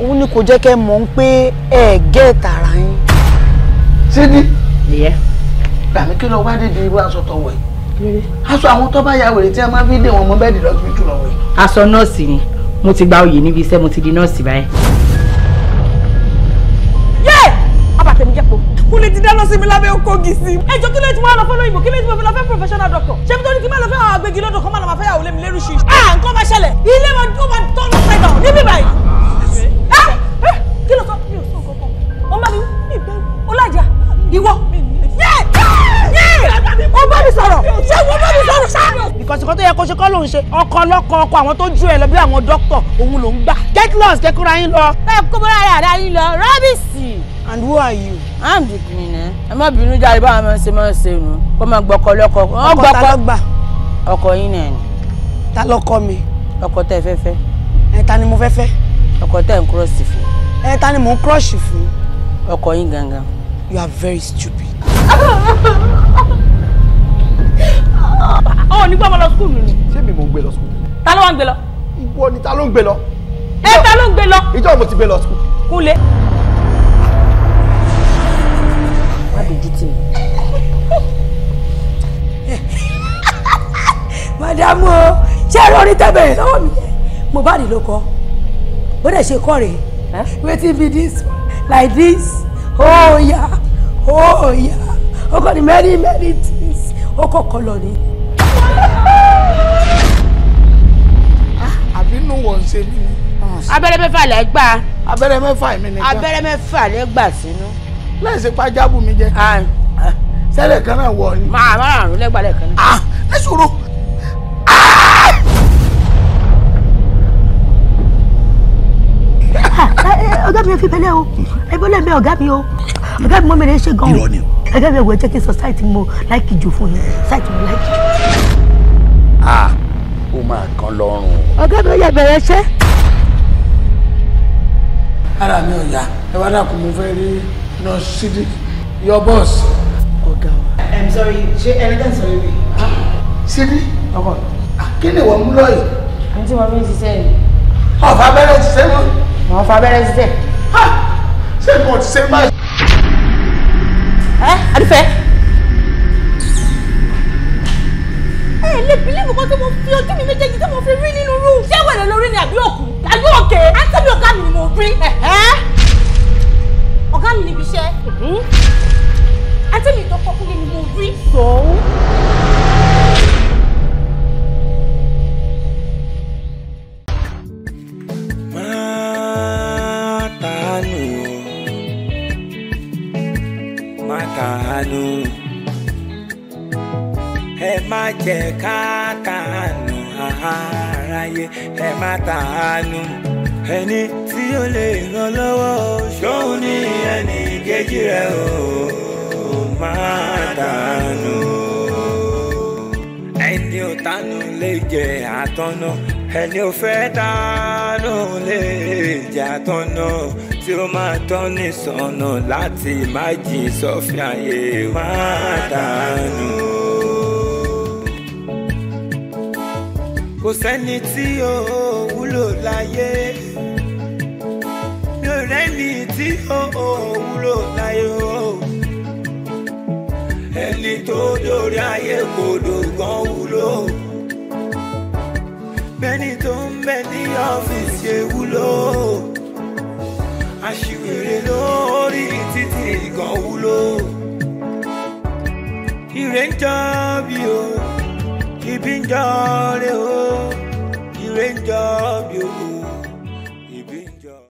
òun ni kò jẹ́ kẹ́ mọ̀ ń pé ẹ gẹ́ tààrà yín. sídi. ìyẹ́. gbàmí kí lọ wá dídì irú aṣọ tọwọ yìí. aṣọ àwọn tó bá ya wèrè tí a máa fi dé wọn mọ bẹ́ẹ̀dì lọ́sibítù lọ́wọ́ yìí. aṣọ nọ́ọ̀sì ni mo ti gba oyè níbi iṣẹ́ mo ti di nọ́ọ̀sì báyìí. yé abatẹ̀mí jẹ́pọ̀ kó lè ti dáná sí mi lábẹ́ oko sí. ẹ kí ló ti wá lọ fẹ́ lóyìnbó kí ló ti wá fẹ́ professional doctor. ṣé nítorí kí n lọ fẹ́ àwọn agbègi lọ́dọ̀ kan máa lọ máa fẹ́ yàwó lé mi lérú ṣíṣe. à ah, nǹkan máa ṣẹlẹ̀ ilé wa tó máa tọ́nu ṣẹ́gbà níbí báyìí ẹ eh, kí ló sọ mi ò sọ nǹkan kan wọn bá mi mi bẹ̀rù ọlájà ìwọ ó bá mi sọ̀rọ̀ ṣé wọ́n bá mi sọ̀rọ̀ ṣá. ìkànsìkọ́ tó yẹ kó ṣe kọ́ ló ń ṣe ọkọ ọlọ́kọ ọkọ àwọn tó ju ẹ lọ bí àwọn dókítà òun ló ń gbà. get lost kẹkọrọ yín lọ. bẹ́ẹ̀ kó bọ́lá rẹ̀ àdá yín lọ rọ́bìsì. and who are you. i'm the cleaner. Eh? ẹ má bínú jáde báwa máa ń ṣe máa ń ṣe nù kó máa gbọ́kọ lọ́kọ. ọkọ ta ló gbà. ọkọ yín náà ni. ta lọ́kọ mi. ọkọ tẹ fẹ́fẹ́. ẹ ta ni mo fẹ́fẹ́. ọkọ tẹ ń kúrò sí f ẹ ni mò ń crush fún. ọkọ yín gangan. you are very stupid. ọ ní gbọ́mọ lọ skul nù ni. ṣé mi mò ń gbé lọ skul. ta ló wá ń gbé lọ. ìwọ ni ta ló ń gbé lọ. ẹ ta ló ń gbé lọ. ìjọ mo ti gbé lọ skul. kúnlẹ̀. má dojú tì mí. [LAUGHS] màdàmú o ṣé ẹ rọrí tẹ́bẹ̀rẹ̀ lọ́wọ́ mi Mohbad ló kọ́ bó dẹ̀ ṣe kọ́ rèé wetin be dis like dis oh yeah, oh ya o kò ní many many things o kò kọlọ ni. Ah, àbínú wọ̀ ń me mí ni. abẹ́rẹ́ mẹ́fà lẹ́ gbà. abẹ́rẹ́ mẹ́fà mi nìkan. abẹ́rẹ́ mẹ́fà lẹ́ gbà sínú. láì ṣe pàjáwò mi jẹ. sẹ́lẹ̀ kan náà wọ̀ ni. màá máa rún lẹ́gbàá lẹ́kan. ẹ fi bẹ́lẹ̀ o ẹ bọ́lẹ̀ bẹ́ ọ̀gá mi o ọ̀gá mi mọ́ mi rẹ̀ ṣe gan o ọ̀gá mi ẹ̀wọ̀ jẹ́ kí n sọ sáìtì mo láìkì jù fún yín sáìtì mo láìkì jù. a ó máa kan lọ́rùn. ọ̀gá mi ò yà bẹ̀rẹ̀ ṣẹ́. ara mi ò yá ẹ wá dàkún mo fẹ́ rí nurse Sidiq your boss. ọ̀gá wa. i'm sorry ṣé ẹlẹ́dẹ̀ sọ̀rọ̀ ah, mi. Sidiq ah, ọkọ kí ni ìwọ mú lọ́ọ̀yì. àǹtí wọn fi ń ṣiṣẹ́ yìí. ọ̀fà abẹ́rẹ́ ṣiṣẹ́ mọ́. ọ̀fà abẹ́rẹ́ ṣiṣẹ́ ṣé nǹkan ti ṣe má. ẹ adúfẹ́. ẹ lè bílíìfù kan tí mo fi ojú mi méjèèjì tí mo fi rí nínú rúù. ṣé wẹ̀rẹ̀ lórí ni àbí òkú àbí òkè àtẹ̀bí ọ̀gá mi ni mo rí. ọ̀gá mi níbi iṣẹ́ mm-hmm. àtẹ̀bí tó kọ́kúrú ni mo rí. sọ̀ọ́. jẹ́ ká tàánú aráyé ẹ má tàánú ẹni tí ó lè ràn lọ́wọ́ ṣóun ní ẹnì kejì rẹ o má tàánú. ẹni ò tánú lè jẹ àtọ́nà ẹni ò fẹ́ tánú lè jẹ àtọ́nà tí ó máa tán ní sọnù láti má jí sọ́fíà yé má dànù. kò sẹ́ni tí ó wúlò láyé mi ò rẹ́ni tí ó wúlò láyé o ẹni tó dórí ayé kò dògbọ́n wúlò bẹ́ni tó ń bẹ ní ọ́fíìsì ewúlò aṣiwèrè lórí títì gan wúlò ìrẹ́jọ́ bí o. pinjọ́ rẹ̀ o ìrẹ́jọ́.